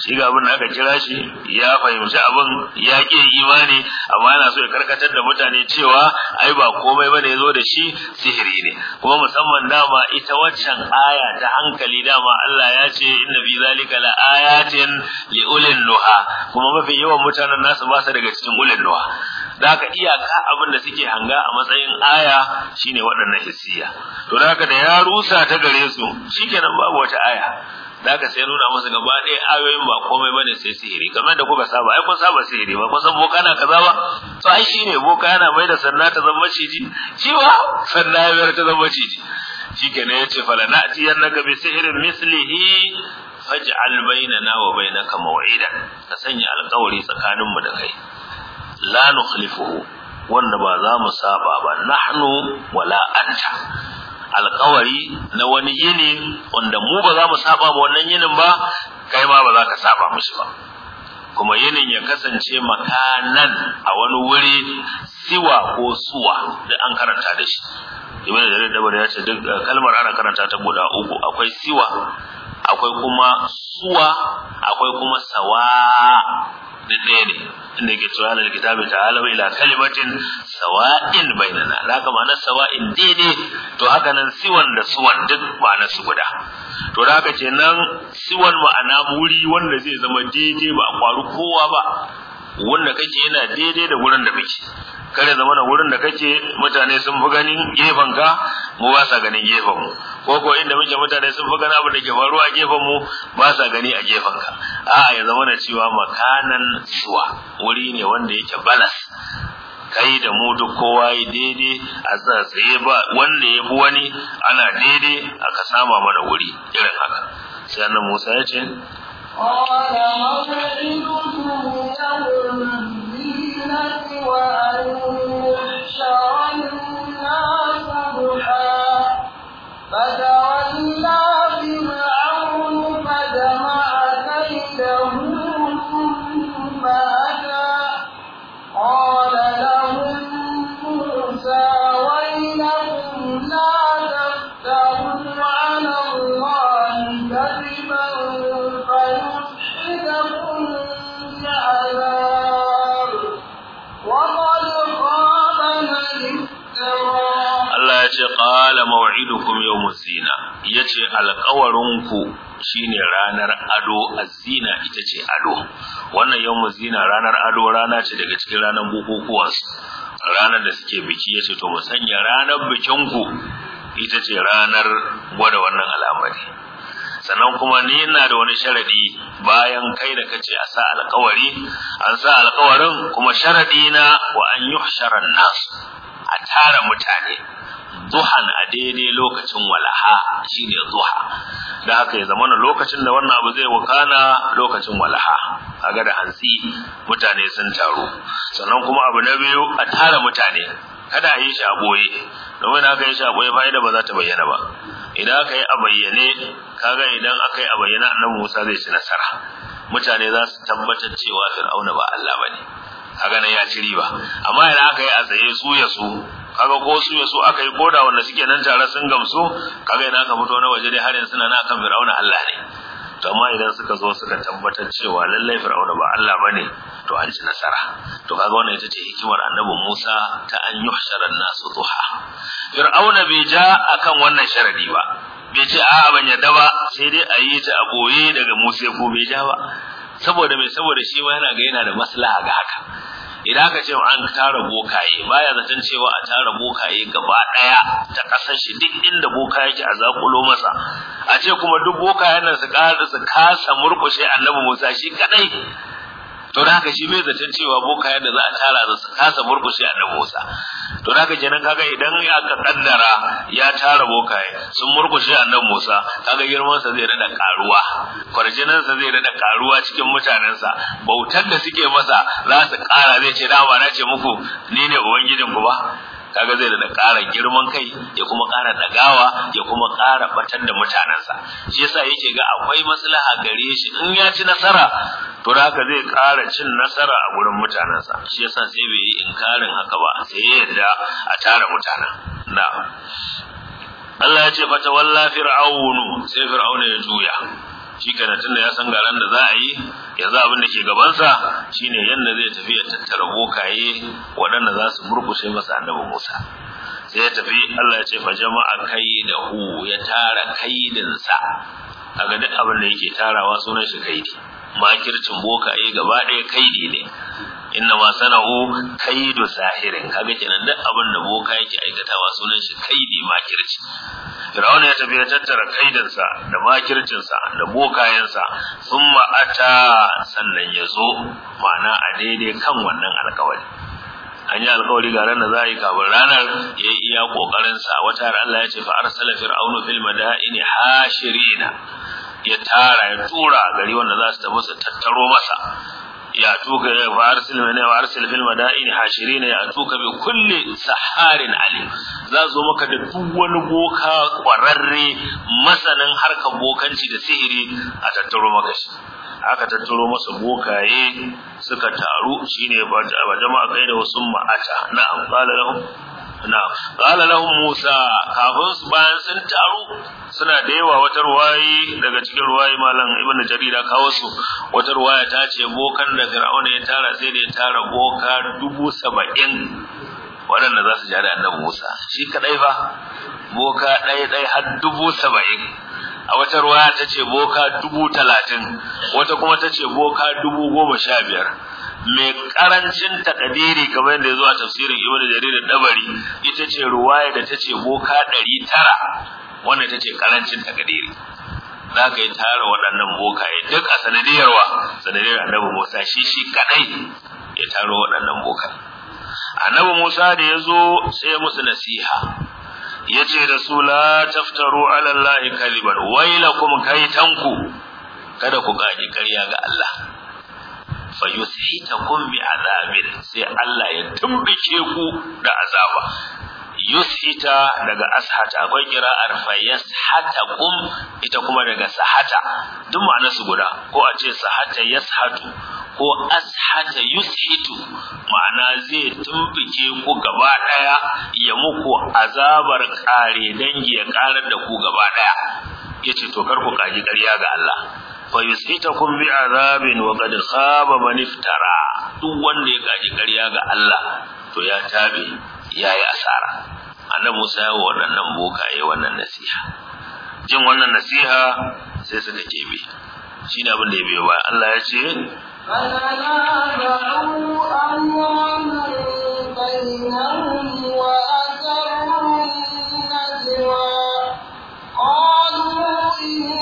shi ga abin da aka kira shi ya fahimci abin ya ke imani amma yana so ya karkatar da mutane cewa ai ba komai bane ya zo da shi sihiri ne kuma musamman dama ita waccan aya ta hankali dama Allah ya ce inna bi zalika la ayatin li ulil nuha kuma mafi yawan mutanen nasu ba su daga cikin ulil nuha da haka iyaka abin da suke hanga a matsayin aya shine waɗannan hissiya to da haka da ya rusa ta gare su shikenan babu wata aya da ka sai nuna musu gaba ɗaya ayoyin ba komai bane sai sihiri kamar da kuka saba ai kun saba sihiri ba kun san boka na kaza ba to ai shine boka yana mai da sanna ta zama ciji ciwa sanna ya ta zama ciji shikenan yace fala na'ti na bi sihirin mislihi faj'al bainana wa bainaka maw'idan ka sanya alƙawari tsakanin mu da kai la nukhlifuhu wanda ba za mu saba ba nahnu wala anta alkawari na wani yini wanda mu ba za mu saba ba wannan yinin ba kai ma ba za ka saba mushi ba kuma yinin ya kasance makanan a wani wuri siwa ko suwa da an karanta da shi ibn jarir da ya ce duk eh, kalmar ana karanta ta guda uku akwai siwa akwai kuma suwa akwai kuma sawa duk ɗaya ne inda ke cewa alal kitabi ta'ala ila kalimatin sawa'in bainana haka ma'anar sawa'in daidai to haka nan siwan da suwan duk ma'anar su guda to da haka ce nan siwan ma'ana wuri wanda zai zama daidai ba a kwaru kowa ba wanda kake yana daidai da wurin da kake kare zama wurin da kake mutane sun fi ganin gefen ka mu ba sa ganin gefen mu ko ko inda muke mutane sun fi ganin abin da ke faruwa a gefen mu ba sa gani a gefen ka a'a ya zama na cewa makanan suwa wuri ne wanda yake balas kai da mu duk kowa yi daidai a tsaye ba wanda ya fi wani ana daidai aka sama mana wuri irin haka sai annabi Musa ya ce قال موعدكم يوم الزينة وأن يحشر الناس ضحى فتولى بما ce qala mawa'idukum yau zina yace alƙawarinku shine ranar ado zina ita ce ado wannan yau zina ranar ado rana ce daga cikin ranar bukukuwan ranar da suke biki yace to mu sanya ranar bikinku ita ce ranar gwada wannan al'amari sannan kuma ni ina da wani sharadi bayan kai da kace a sa alƙawari an sa alƙawarin kuma sharadi na wa an yuhsharan nas a tara mutane duhan a daidai lokacin walaha shine duha da haka ya zamana lokacin da wannan abu zai wakana lokacin walaha kaga da hantsi mutane sun taru sannan kuma abu na biyu a tara mutane kada a yi shi a boye domin aka yi shi a boye fa'ida ba za ta bayyana ba idan aka yi a bayyane kaga idan aka yi a bayyana annabi Musa zai ci nasara mutane za su tabbatar cewa Fir'auna ba Allah bane kaga nan ya ci riba amma idan aka yi a tsaye su ya su kaga ko su yaso aka yi koda wanda suke nan tare sun gamsu kaga idan aka fito na waje dai har yanzu suna nan akan fir'auna Allah ne to amma idan suka zo suka tabbatar cewa lallai fir'auna ba Allah bane to an ci nasara to kaga wannan ita ce hikimar annabi Musa ta an yuhshara nasu duha fir'auna bai ja akan wannan sharadi ba bai ce a'a ban yarda ba sai dai a yi ta a boye daga Musa ko bai ja ba saboda mai saboda shi ma yana ga yana da maslaha ga haka idan ka ce an tara bokaye baya zaton cewa a tara bokaye gaba daya ta kasar shi duk inda boka yake a zakulo masa a ce kuma duk bokayen nan su su kasa murkushe annabi Musa shi kadai to da haka shi mai zaton cewa boka da za a tara za su kasa murkushe a dabo sa to da haka kenan kaga idan aka kaddara ya tara bokaye sun murkushe annabi Musa kaga girman sa zai rada karuwa kwarjinan sa zai rada karuwa cikin mutanen sa bautar da suke masa za su kara zai ce dama na ce muku ni ne ubangijin ku ba kaga zai da ƙara girman kai ya kuma ƙara dagawa ya kuma ƙara batar da mutanansa, shi yasa yake ga akwai maslaha gare shi in ya ci nasara to haka zai ƙara cin nasara a gurin mutanensa shi yasa sai bai yi inkarin haka ba sai ya yarda a tara mutanen na Allah ya ce fata walla fir'aunu sai fir'auna ya juya shi kana tunda ya san garan da za a yi yanzu abin da ke gabansa shine yanda zai tafi ya tattara bokaye waɗanda za su murkushe masa annabi Musa sai ya tafi Allah ya ce fa jama'a hu ya tara kaidinsa kaga duk abin da yake tarawa sunan shi kaidi makircin boka ai gaba ɗaya kaidi ne inna ma sanahu kaidu sahirin kaga kenan duk abin da boka yake aikatawa sunan shi kaidi makirci Fir'auna ya tafi ya tattara kaidansa da makircinsa da bokayensa sun ata sannan ya zo ma'ana a daidai kan wannan alkawari an yi alkawari ga ranar za a yi kafin ranar ya yi iya ƙoƙarinsa, wata har Allah ya ce fa arsala fir'aunu fil madaini hashirina ya tara ya tura a gari wanda za su tafi su tattaro masa ya tuka ya farsil ne farsil fil madain hashirin ya tuka bi kulli saharin ali za zo maka da duk wani boka kwararre masanin harkar bokanci da sihiri a tattaro maka shi aka tattaro masa bokaye suka taru shine ba jama'a kai da wasu ma'ata na amfala lahum na qala lahum musa kafin bayan sun taru suna da yawa wata ruwayi daga cikin ruwayi malam ibn jarida kawo su wata ruwaya ta ce bokan da fir'auna ya tara sai da ya tara boka dubu saba'in waɗanda za su jari annabi musa shi kadai ba boka ɗaya ɗaya har dubu saba'in a wata ruwaya ta ce boka dubu talatin wata kuma ta ce boka dubu goma sha biyar mai karancin takadiri kamar yadda zo a tafsirin Ibn Jarir dabari ita ce ruwaya da tace boka 900 wannan tace karancin takadiri ka yi tara waɗannan bokaye duk a sanadiyar wa sanadiyar Annabi Musa shi shi kadai ya taro waɗannan boka Annabi Musa da ya zo sai musu nasiha yace da su la taftaru ala Allah kaliban wailakum kaitanku kada ku gaji ƙarya ga Allah fa bi azabin sai Allah ya tumbike ku da azaba yushita daga ashata akwai kira'ar fa kum ita kuma daga sahata duk ma'ana su guda ko a ce sahata yashatu ko ashata yushitu ma'ana zai tumbuke ku gaba daya ya muku azabar kare dangi ya karar da ku gaba daya yace to kar ku kaji ƙarya ga Allah fa yusitakum bi azabin wa qad khaba man iftara duk wanda ya gaji ƙarya ga Allah to ya tabe yayi asara annabi Musa ya boka yayi wannan nasiha jin wannan nasiha sai suka shi ne abin da ya biyo ba Allah ya ce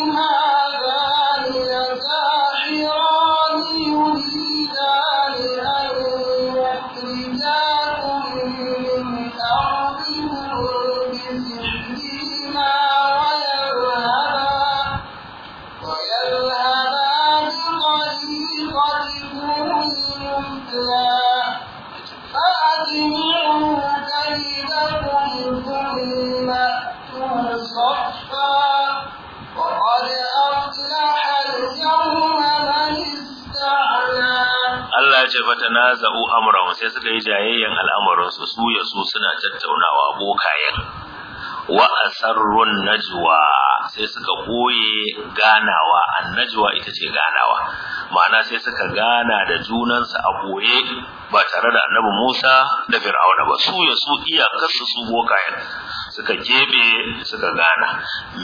fatanaza'u amrahum sai suka yi jayayyan al'amarin su su ya su suna tattaunawa bokayen wa asarrun najwa sai suka koye ganawa annajwa ita ce ganawa ma'ana sai suka gana da junansu a koye ba tare da annabi Musa da Fir'auna ba su ya su iyakarsu su bokayen suka kebe suka gana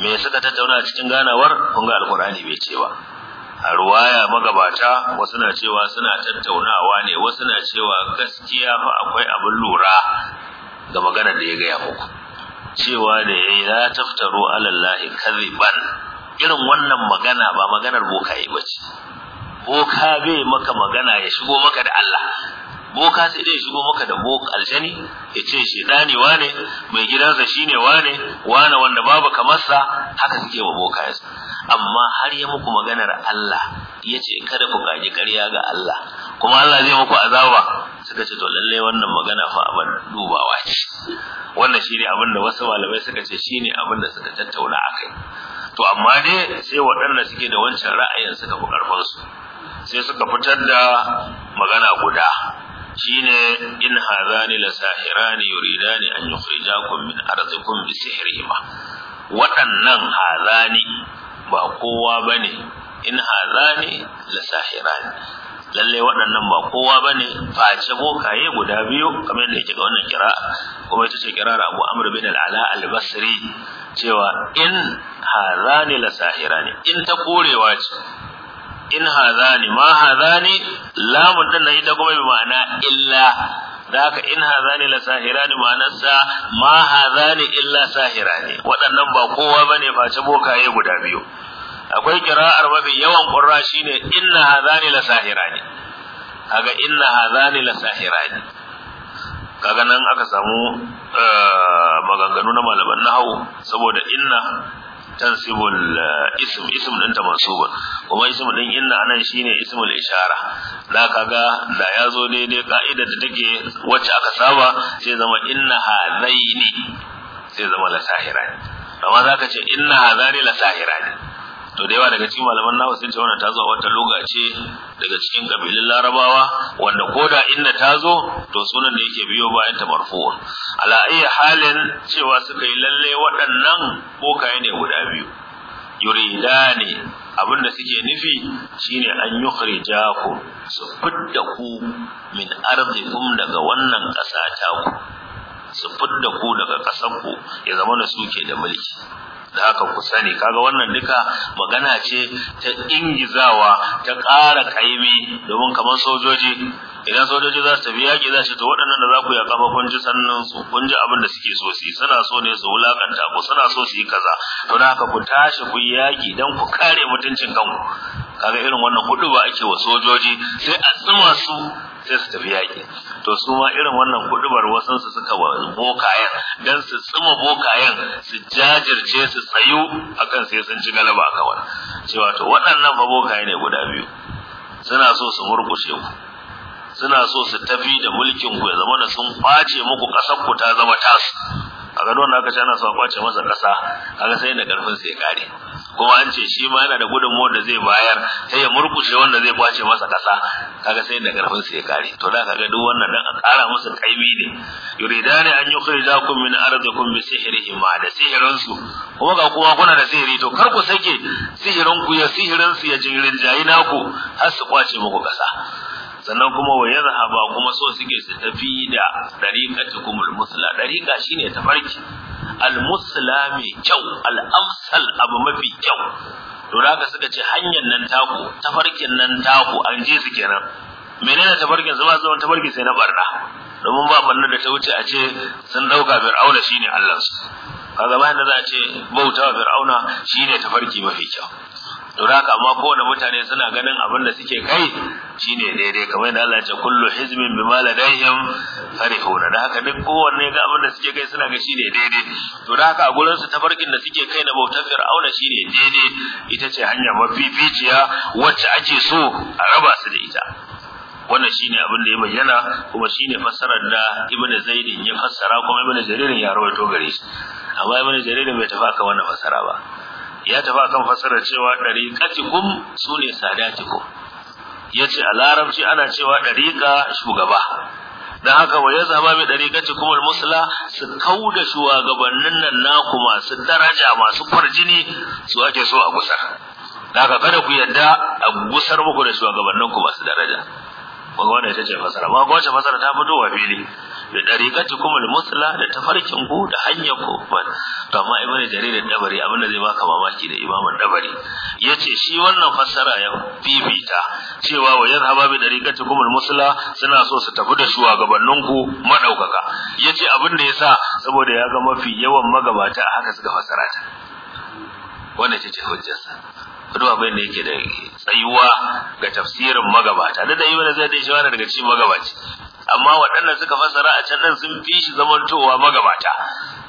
me suka tattauna cikin ganawar kun ga alkurani bai ce ba a ruwaya magabata wasu na cewa suna tattaunawa ne wasu na cewa gaskiya fa akwai abin lura ga magana da ya gaya muku cewa da ya za la taftaru ala llahi ban. irin wannan magana ba maganar bokaye bace boka bai maka magana ya shigo maka da Allah boka sai dai shigo maka da boka aljani ya ce shi. shedani wane mai gidansa shine wane wane wanda babu kamarsa haka suke wa boka yasa amma har ya muku maganar Allah ya ce kada ku kaji ƙarya ga Allah kuma Allah zai muku azaba suka ce to lallai wannan magana fa abin dubawa ce wannan ne abin da wasu malamai suka ce shine abin da suka tattauna a kai. to amma dai sai waɗanda suke da wancan ra'ayin suka fi su sai suka fitar da magana guda shine in hadhani lasahirani yuridani an yukhrijakum min ardikum bisihrihima waɗannan hazani ba kowa bane in hazani la sahirani lalle waɗannan ba kowa bane face bokaye guda biyu kamar yadda yake ga wannan kira kuma ita ce kirar Abu Amr bin al-Ala al-Basri cewa in hazani la sahirani in ta korewa ce in ni ma haza ne lamun ɗin nan ita kuma bi ma'ana illa da haka in hazani la sahirani ma'anarsa ma hazani illa ne, waɗannan ba kowa bane face bokaye guda biyu akwai kira'ar mafi yawan qurra ne inna hazani la sahirani kaga inna hazani la sahirani kaga nan aka samu eh, maganganu na malaman nahawu saboda inna tansibul eh, ism ism din ta mansuba kuma ism ɗin inna anan shine ismul ishara da kaga da ya zo daidai kaida da take wacce aka saba sai zama inna hadaini sai zama la sahirani amma zaka ce inna ne la sahirani to da yawa daga cikin malaman nawa sun ce wannan ta zo a wata loga ce daga cikin kabilun larabawa wanda koda inna ta zo to sunan da yake biyo bayan ta marfu'un ala ayi halin cewa suka yi lalle waɗannan bokaye ne guda biyu yuridani abinda suke nufi shine an yukhrijaku su fidda ku min ardikum daga wannan ƙasa ta ku su fidda ku daga ƙasar ku ya zama da suke da mulki da aka ku sani kaga wannan duka magana ce ta ingizawa ta ƙara kaimi domin kamar sojoji idan sojoji za su tafi yaƙi za su to waɗannan da za ku yaƙa ba kun ji sannan su kun ji abin da suke so su yi suna so ne su wulaƙanta ku suna so su yi kaza to da haka ku tashi ku yi yaƙi don ku kare mutuncin kanku kaga irin wannan hudu ba ake wa sojoji sai a tsuma su sai su tafi yaƙi to su ma irin wannan kudubar wasan su suka bokayen dan su tsuma bokayen su jajirce su tsayu akan sai sun ci galaba kawai cewa to waɗannan fa bokaye ne guda biyu suna so su murƙushe ku suna so su tafi da mulkin ku ya zama da sun kwace muku ƙasar ku ta zama tasu a gado wanda aka ce ana so a kwace masa ƙasa ga sai da ƙarfin sai kare kuma an ce shi ma yana da gudunmuwar da zai bayar sai ya murkushe wanda zai kwace masa kasa kaga sai da karfin su ya kare to da kaga duk wannan dan an kara musu kaimi ne yuridani an yi yukhrijakum min ardikum bi sihrihim da sihirinsu. kuma ga kuma kuna da sihiri to kar ku sake sihirin ku ya sihirin su ya jirin jayi naku har su kwace muku kasa sannan kuma wa yazhaba kuma so suke su tafi da dariqatukumul musla dariqa shine tafarki al musla mai kyau al amsal abu mafi kyau to daga suka ce hanyar nan taku tafarkin nan taku an je su kenan menene tafarkin zuwa zuwa tafarki sai na barna domin ba banna da ta wuce a ce sun dauka fir'auna shine Allah su kaga bayan da za a ce bautawa fir'auna shine tafarki mafi kyau don haka amma kowane mutane suna ganin abin da suke kai shine daidai kamar yadda Allah ya ce kullu hizbin bima ladaihim farihun da haka duk kowanne ga abin da suke kai suna ga shine daidai to da haka a gurin su tafarkin da suke kai na bautar fir'auna shine daidai ita ce hanya mafificiya wacce ake so a raba su da ita wannan shine abin da ya bayyana kuma shine fassarar da Ibn Zaid ya fassara kuma Ibn Jaririn ya rawaito gare shi amma Ibn Jaririn bai tafi wannan fassara ba ya tafi akan fasara cewa dariqatikum sune Ya ce, a larabci ana cewa dariqa shugaba dan haka wa mai bi dariqatikum Musla su kauda shugabannin nan masu daraja masu farjini su ake so a gusar dan haka kada ku yadda a gusar muku da shugabannin ku masu daraja kuma wannan ita ce fasara ba ko wace fasara ta fito wa fili da dariqatikum al-musla da tafarkin ku da hanyar ku to amma ibn jarir dabari abin da zai baka mamaki da imam dabari yace shi wannan fassara ya bibita cewa wa yarhaba bi dariqatikum al-musla suna so su tafi da shugabannin ku madaukaka yace abin da yasa saboda ya ga mafi yawan magabata haka suka fassara ta wannan ce hujjarsa duk abin da yake da tsayuwa ga tafsirin magabata da da ibn zai shi wani daga cikin magabaci amma waɗanda suka fassara a can sun fi shi zamantowa magabata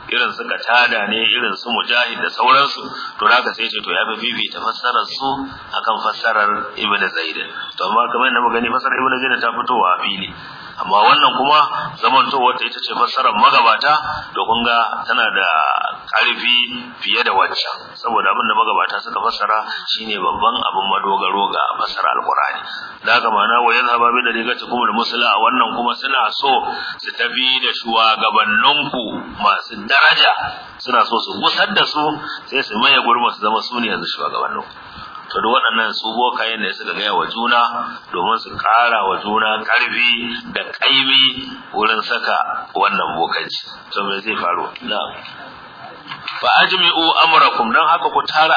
irin suka tada ne irin su mujahid da sauransu to naka sai ce to ya fi ta fassarar su akan fassarar ibnu zaid to amma kamar yadda muka gani fassarar ibnu zaid ta fitowa a fili amma wannan kuma to wata ita ce fassarar magabata to kun ga tana da ƙarfi fiye da wancan. saboda abin da magabata suka fassara shine babban abin madogaro ga fassara alqur'ani da ga mana wa yadhhaba bi daliqatikum al-musla wannan kuma suna so su tafi da ku masu daraja suna so su gusar da su sai su maye gurbin su zama su ne yanzu ku to duk waɗannan su bokayen ne suka gaya wa juna domin su ƙara wa juna ƙarfi da ƙaimi wurin saka wannan bokanci to me zai faru na fa ajmi'u amrakum dan haka ku tara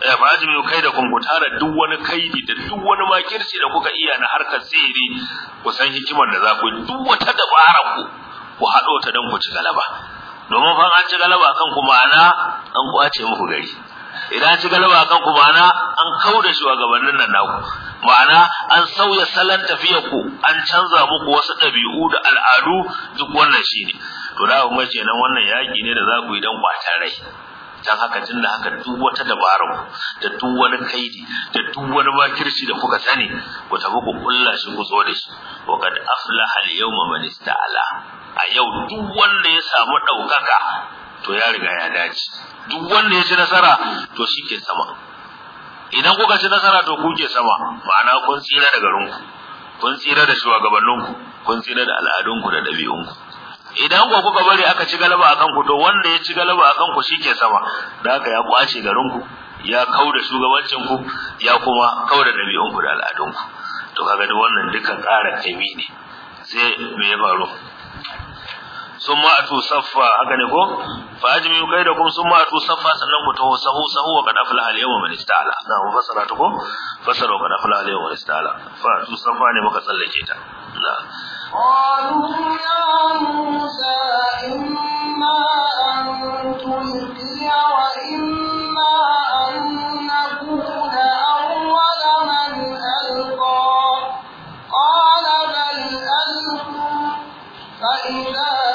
eh, fa ajmi'u kai da kun tara duk wani kaidi da duk wani makirci da kuka iya na harkar sihiri ku san hikimar da za ku duk wata dabara ku ku haɗo ta don ku ci galaba domin fa an ci galaba kan ku ma'ana an kwace muku gari idan ci galaba kan ku ma'ana an kauda shi gabanin nan naku ma'ana an sauya salon tafiyar ku an canza muku wasu ɗabi'u da al'adu duk wannan shi ne. to da kuma kenan wannan yaki ne da za ku yi dan kwatan rai dan haka da haka duk wata dabaru da duk wani kaidi da duk wani makirci da kuka sani ku tafi ku kulla shi ku zo da shi wa kad aflaha al-yawma man ista'ala a yau duk wanda ya samu ɗaukaka. to ya riga ya dace duk wanda ya ci nasara to shi ke sama idan kuka ci nasara to kuke sama ma'ana kun tsira da garinku kun tsira da shugabanninku kun tsira da al'adunku da ɗabi'unku idan ku kuka bari aka ci galaba akan ku to wanda ya ci galaba akan ku ke sama da haka ya kwace garin ku ya kauda shugabancin ku ya kuma kauda dabi'un ku da al'adun ku to kaga duk wannan dukan ƙara kaimi ne sai me ya faru sun ma atu saffa haka ne ko fa ajmi kai da kun sun ma atu saffa sannan ku taho sahu sahu wa qad aflaha al yawma man ista'ala na mun fasara ta ko fasara wa qad aflaha al yawma man ista'ala fa atu saffa ne muka tsallake ta na qalu ya musa imma an tulqiya wa imma an nakuna awwala man alqa qala bal alqu fa idha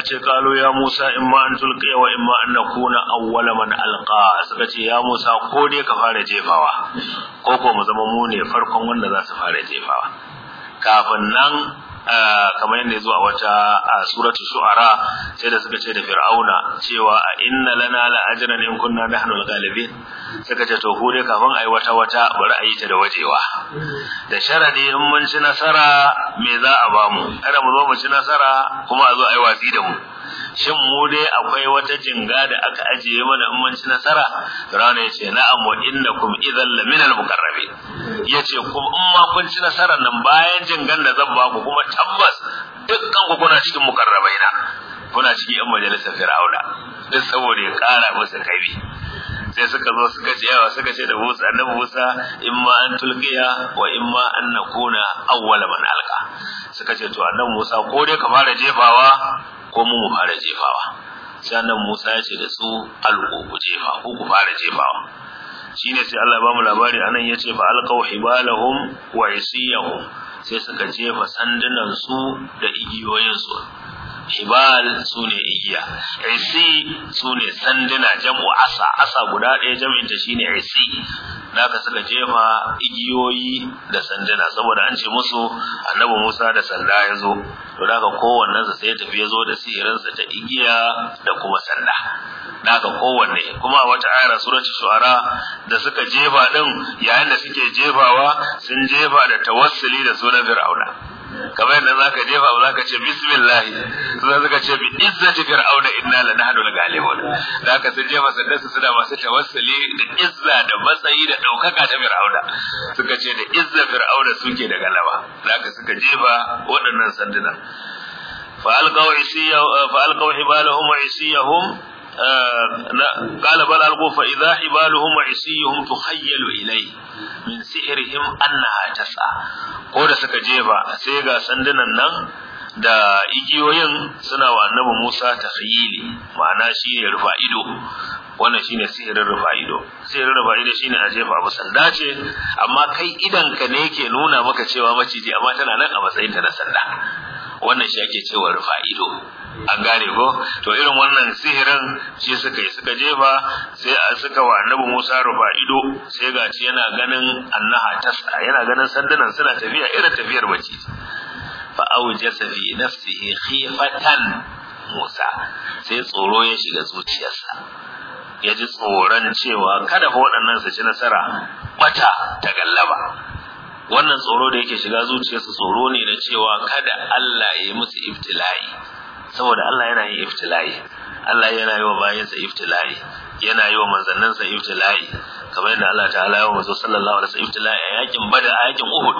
ce kalu ya Musa in ma an tulqiya wa in ma an nakuna awwala man alqa suka ce ya Musa ko dai ka fara jefawa ko ko mu zama mu ne farkon wanda za su fara jefawa kafin nan kamar yadda ya zo a wata suratul shu'ara sai da suka ce da fir'auna cewa a inna lana la ajran in kunna nahnu al-ghalibin suka ce to hure kafin ayi wata wata bari ayi ta da wajewa da sharadi in mun ci nasara me za a ba mu kada mu zo mu ci nasara kuma a zo ayi wasi da mu shin mu dai akwai wata jinga da aka ajiye mana in mun ci nasara rana yace na'am wa innakum idhal laminal muqarrabin yace kuma in ma kun ci nasara nan bayan jingan da zan ba ku kuma tabbas dukkan ku kuna cikin mukarrabaina kuna cikin yan majalisar fir'auna duk saboda ya kara musu kai sai suka zo suka ce yawa suka ce da Musa annabi Musa ma an tulqiya wa in ma an nakuna awwala man alqa suka ce to annabi Musa ko dai ka fara jefawa ko mu mu fara jefawa sannan Musa ya ce da su alqu ku jefa ko ku fara jefawa shine sai Allah ya bamu labari anan yace fa alqaw hibalahum wa isiyahum sai suka jefa sandunan su da igiyoyin su hibal sune igiya isi sune sanduna jam'u asa asa guda ɗaya jam'in ta shine isi naka suka jefa igiyoyi da sanduna saboda an ce musu annabi Musa da sanda ya zo to daga kowannen sa sai tafi ya zo da sihirinsa ta igiya da kuma sanda daga kowanne kuma wata ayar suratul shuara da suka jefa din yayin da suke jefawa sun jefa da tawassuli da sunan fir'auna kamar yadda ka jefa ba ka ce bismillah su ka ce bi izzati fir'auna inna la nahnu al-ghalibun da ka sun jefa sannan su suna masu tawassuli da izza da matsayi da daukaka ta fir'auna suka ce da izza fir'auna suke da galaba da ka suka jefa waɗannan sanduna fa alqaw isiyahu fa alqaw hibalahum wa isiyahum قال بل ألقوا فإذا حبالهم وعصيهم تخيل إليه من سحرهم أنها تسعى قول سكجيبا سيغا سندنا النغ da igiyoyin suna wa annabi Musa takhayili ma'ana shine rufa ido wannan shine sihirin rufa ido sihirin rufa ido shine a jefa abu sanda ce amma kai idan ka ne ke nuna maka cewa maciji amma tana nan a matsayin ta na sanda wannan shi ake cewa rufa ido an gane ko to irin wannan sihirin shi suka yi suka jefa sai a suka wa annabi Musa rufa ido sai gaci yana ganin annaha ta yana ganin sandunan suna tafiya irin tafiyar bace fa awjasa fi nafsihi khifatan Musa sai tsoro ya shiga zuciyarsa ya ji tsoron cewa kada fa waɗannan su ci nasara bata ta gallaba wannan tsoro da yake shiga zuciyarsu tsoro ne na cewa kada Allah ya yi musu iftila'i saboda Allah yana yin iftila'i Allah yana yi wa bayansa iftila'i yana yi wa manzanninsa iftila'i kamar yadda Allah ta'ala ya manzo sallallahu alaihi wasallam iftila'i a yakin bada a yakin Uhud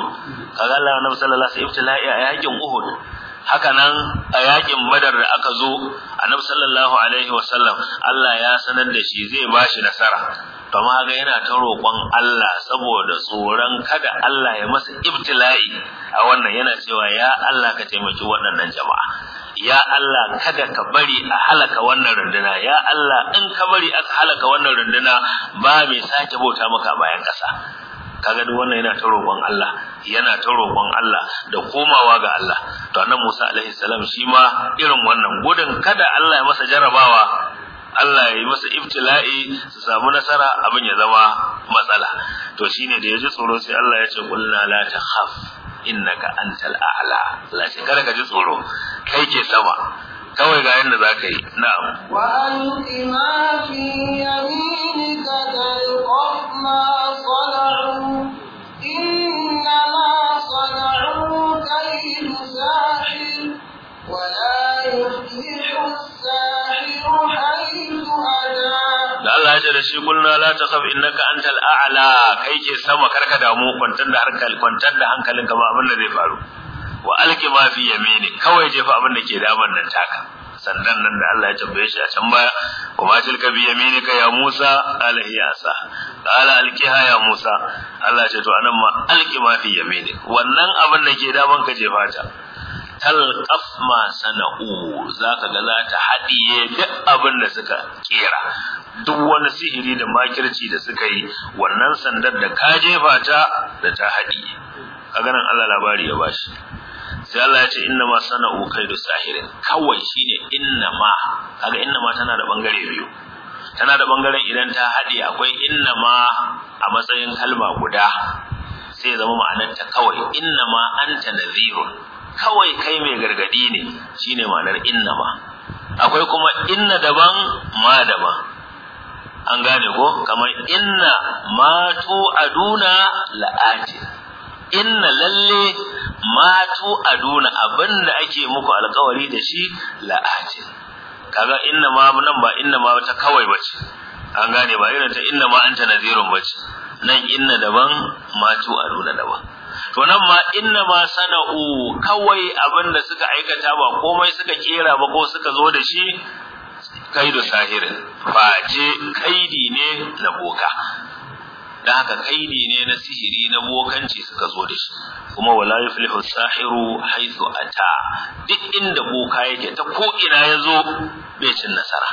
kaga Allah ya sallallahu alaihi wasallam iftila'i a yakin Uhud haka nan a yakin madar da aka zo annabi sallallahu alaihi wasallam Allah ya sanar da shi zai ba shi nasara to amma ga yana ta roƙon Allah saboda tsoron kada Allah ya masa ibtila'i a wannan yana cewa ya Allah ka taimaki waɗannan jama'a ya Allah kada ka bari a halaka wannan runduna ya Allah in ka bari aka halaka wannan runduna ba mai sake bauta maka bayan ƙasa kaga duk wannan yana ta roƙon Allah yana ta roƙon Allah da komawa ga Allah to annabi Musa alaihi salam shi ma irin wannan gudun kada Allah ya masa jarabawa Allah ya yi masa ibtila'i su samu nasara abin ya zama matsala to shine da yaji tsoro sai Allah ya ce qulna la takhaf innaka antal a'la Allah ya ce kada ka ji tsoro kai ke sama kawai ga yadda za ka yi na'am wa an fi yaminika talqaf ma sana'a ce da shi gulna la takhaf innaka antal a'la kai ke sama karka damu kwantar da harkal kwantar da hankalinka ba abin da zai faru wa alki ma fi yamini kawai jefa abin da ke daman nan taka sandan nan da Allah ya tambaye shi a can baya wa ma tilka bi yaminika ya Musa alhiyasa qala alkiha ya Musa Allah ya ce to anan ma alki ma fi yaminik wannan abin da ke daman ka jefa ta talqaf ma sana'u zaka ga za ta hadiye duk abin da suka kera duk wani sihiri da makirci da suka yi wannan sandar da ka jefa ta da ta hadiye kaga nan Allah labari ya bashi sai Allah ya ce inna ma sana'u kaidu sahirin kawai shine inna ma kaga inna ma tana da bangare biyu tana da bangaren idan ta hade akwai inna ma a matsayin kalma guda sai zama ta kawai inna ma anta nadhirun kawai kai mai gargadi ne shine ma'anar inna ma akwai kuma inna daban ma daban an gane ko kamar inna ma aduna la'atin inna lalle matu aduna abinda ake muku alkawari da shi la'ajin kaga inna ma nan ba inna ma ta kawai bace an gane ba irin ta inna ma anta nazirun bace nan inna daban matu aduna daban to nan ma inna ma sana'u kawai abinda suka aikata ba komai suka kera ba ko suka zo da shi kaido sahirin face kaidi ne na boka da haka kaini ne na sihiri na bokanci suka zo da shi kuma wala yuflihu sahiru haythu ata duk inda boka yake ta ko ina yazo zo bai cin nasara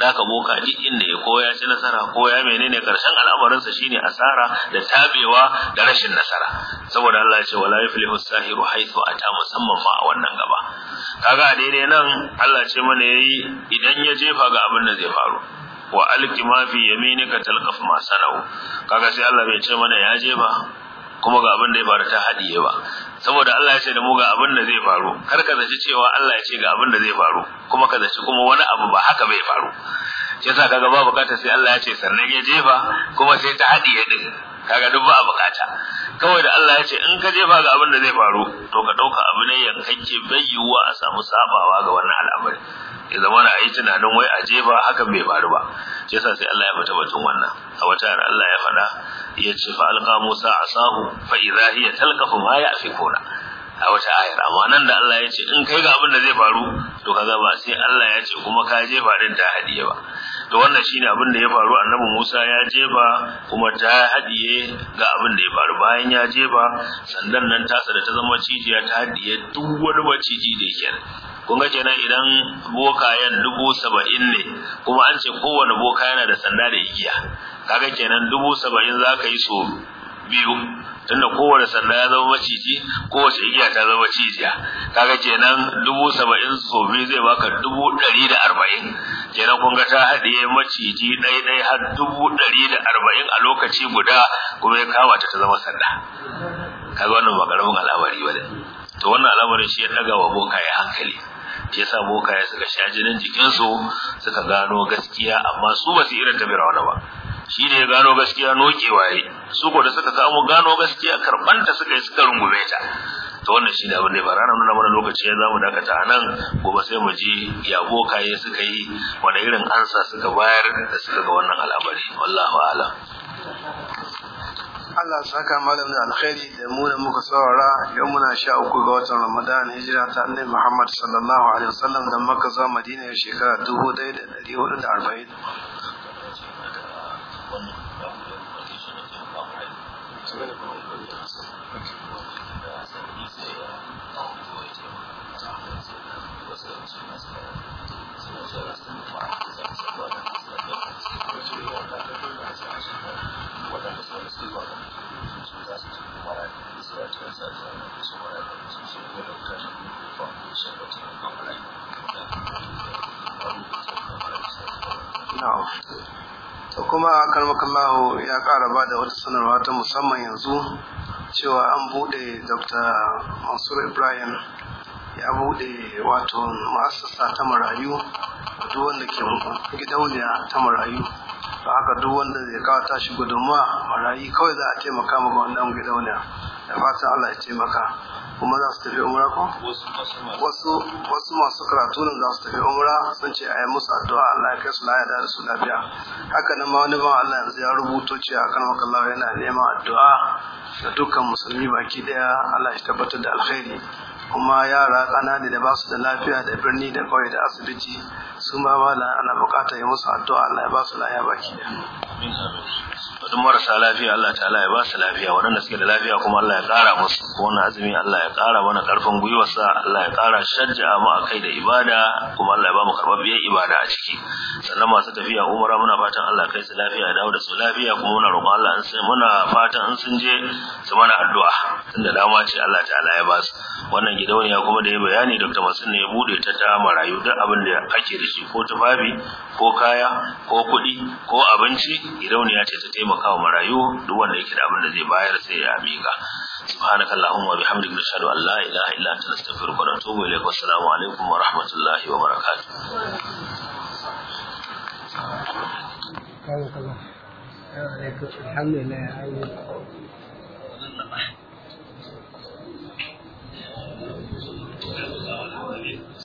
da haka boka duk inda ya ko ya nasara ko menene karshen al'amarinsa shine asara da tabewa da rashin nasara saboda Allah ya ce wala yuflihu sahiru haythu ata musamman ma a wannan gaba kaga daidai nan Allah ce mana yayi idan ya jefa ga abin da zai faru wa alqi ma fi yaminika talqaf ma sanau kaga sai Allah bai ce mana ya je ba kuma ga abin da ya faru ta hadiye ba saboda Allah ya ce da mu ga abin da zai faru kar ka zaci cewa Allah ya ce ga abin da zai faru kuma ka zaci kuma wani abu ba haka bai faru yasa kaga ba bukatar sai Allah ya ce sannan ya je ba? kuma sai ta hadiye din kaga duk ba a bukata kawai da Allah ya ce in ka jefa ga abin da zai faru to ka dauka abu ne ya bai bayyuwa a samu sabawa ga wannan al'amari ya zama na yi tunanin wai a jefa hakan bai faru ba ce sai Allah ya fita batun wannan a wata yar Allah ya faɗa ya ce fa alqa Musa asahu fa idha hiya talqafu ma ya'fikuna a wata ayar amma nan da Allah ya ce in kai ga abin da zai faru to kaga ba sai Allah ya ce kuma ka je ba din ta hadiye ba Da wannan shine abin da ya faru annabi Musa ya jefa kuma ta hadiye ga abin da ya faru bayan ya jefa sandan nan ta da ta zama cijiya ta hadiye duk wani maciji da yake kun ga kenan idan bokayen dubu saba'in ne kuma an ce kowane boka yana da sanda da igiya kaga kenan dubu saba'in za ka yi so biyu tunda kowace sanda ya zama maciji kowace igiya ta zama cijiya kaga kenan dubu saba'in so biyu zai baka dubu ɗari da arba'in kenan kun ga ta haɗiye maciji ɗai har dubu ɗari da arba'in a lokaci guda kuma ya kama ta zama sanda kaga wannan ba karamin al'amari ba ne to wannan al'amarin shi ya ɗaga wa boka ya hankali ke sa boka ya suka sha jinin jikinsu suka gano gaskiya amma su ba su irin ta ba shi da ya gano gaskiya nokewa waye, su ko da suka samu gano gaskiya karbanta suka yi suka rungume ta to wannan shi da abin da ya Rana nuna mana lokaci ya zamu dakata ta nan gobe sai mu ji ya boka bokaye suka yi wani irin ansa suka bayar da suka ga wannan al'amari wallahi a'lam Allah saka malam da alkhairi da mu da muka saurara yau muna sha uku ga watan Ramadan hijira ta Annabi Muhammad sallallahu alaihi wasallam da Makka zuwa Madina shekara 1440 No. da kuma karmakallahu ya ƙara ba da wata sanarwa ta musamman yanzu cewa an buɗe dr mansur ibrahim ya buɗe wato ma'asasa ta marayu duk wanda ke gidauniya ta marayu ta haka duk wanda zai kawo tashi gudunmuwa marayu kawai za a taimaka maka wannan gidauniya da fatan allah ya taimaka kuma su tafi ko wasu masu karatu ne za su tafi umra sun ce a yi musu addu'a Allah ya kai su lafiya da su lafiya haka nan ma wani ban Allah yanzu ya rubuto cewa akan makallah yana neman addu'a da dukkan musulmi baki daya Allah ya tabbatar da alkhairi kuma yara kanani da basu da lafiya da birni da kawai da asibiti su ma ana bukatar yi musu addu'a Allah ya ba su lafiya baki daya duk marasa lafiya Allah ta'ala ya ba su lafiya waɗanda suke da lafiya kuma Allah ya ƙara musu wannan azumi Allah ya ƙara mana ƙarfin gwiwarsa Allah ya ƙara shajja mu a kai da ibada kuma Allah ya ba mu karɓaɓɓiyar ibada a ciki sannan masu tafiya umara muna fatan Allah kai su lafiya dawo da su lafiya kuma muna roƙon Allah in sai muna fatan in sun je su mana addu'a tunda dama ce Allah ta'ala ya ba su wannan gidauniya kuma da ya bayani Dr. Masun ne ya bude ta ta marayu duk abin da ake da shi ko tufafi ko kaya ko kuɗi ko abinci ya ce ta taimaka wa marayu duk wanda yake da abin da zai bayar sai ya miƙa subhanakallahu wa bihamdika nashhadu an la ilaha illa anta nastaghfiruka wa natubu ilayka assalamu alaikum wa rahmatullahi wa barakatuh Thank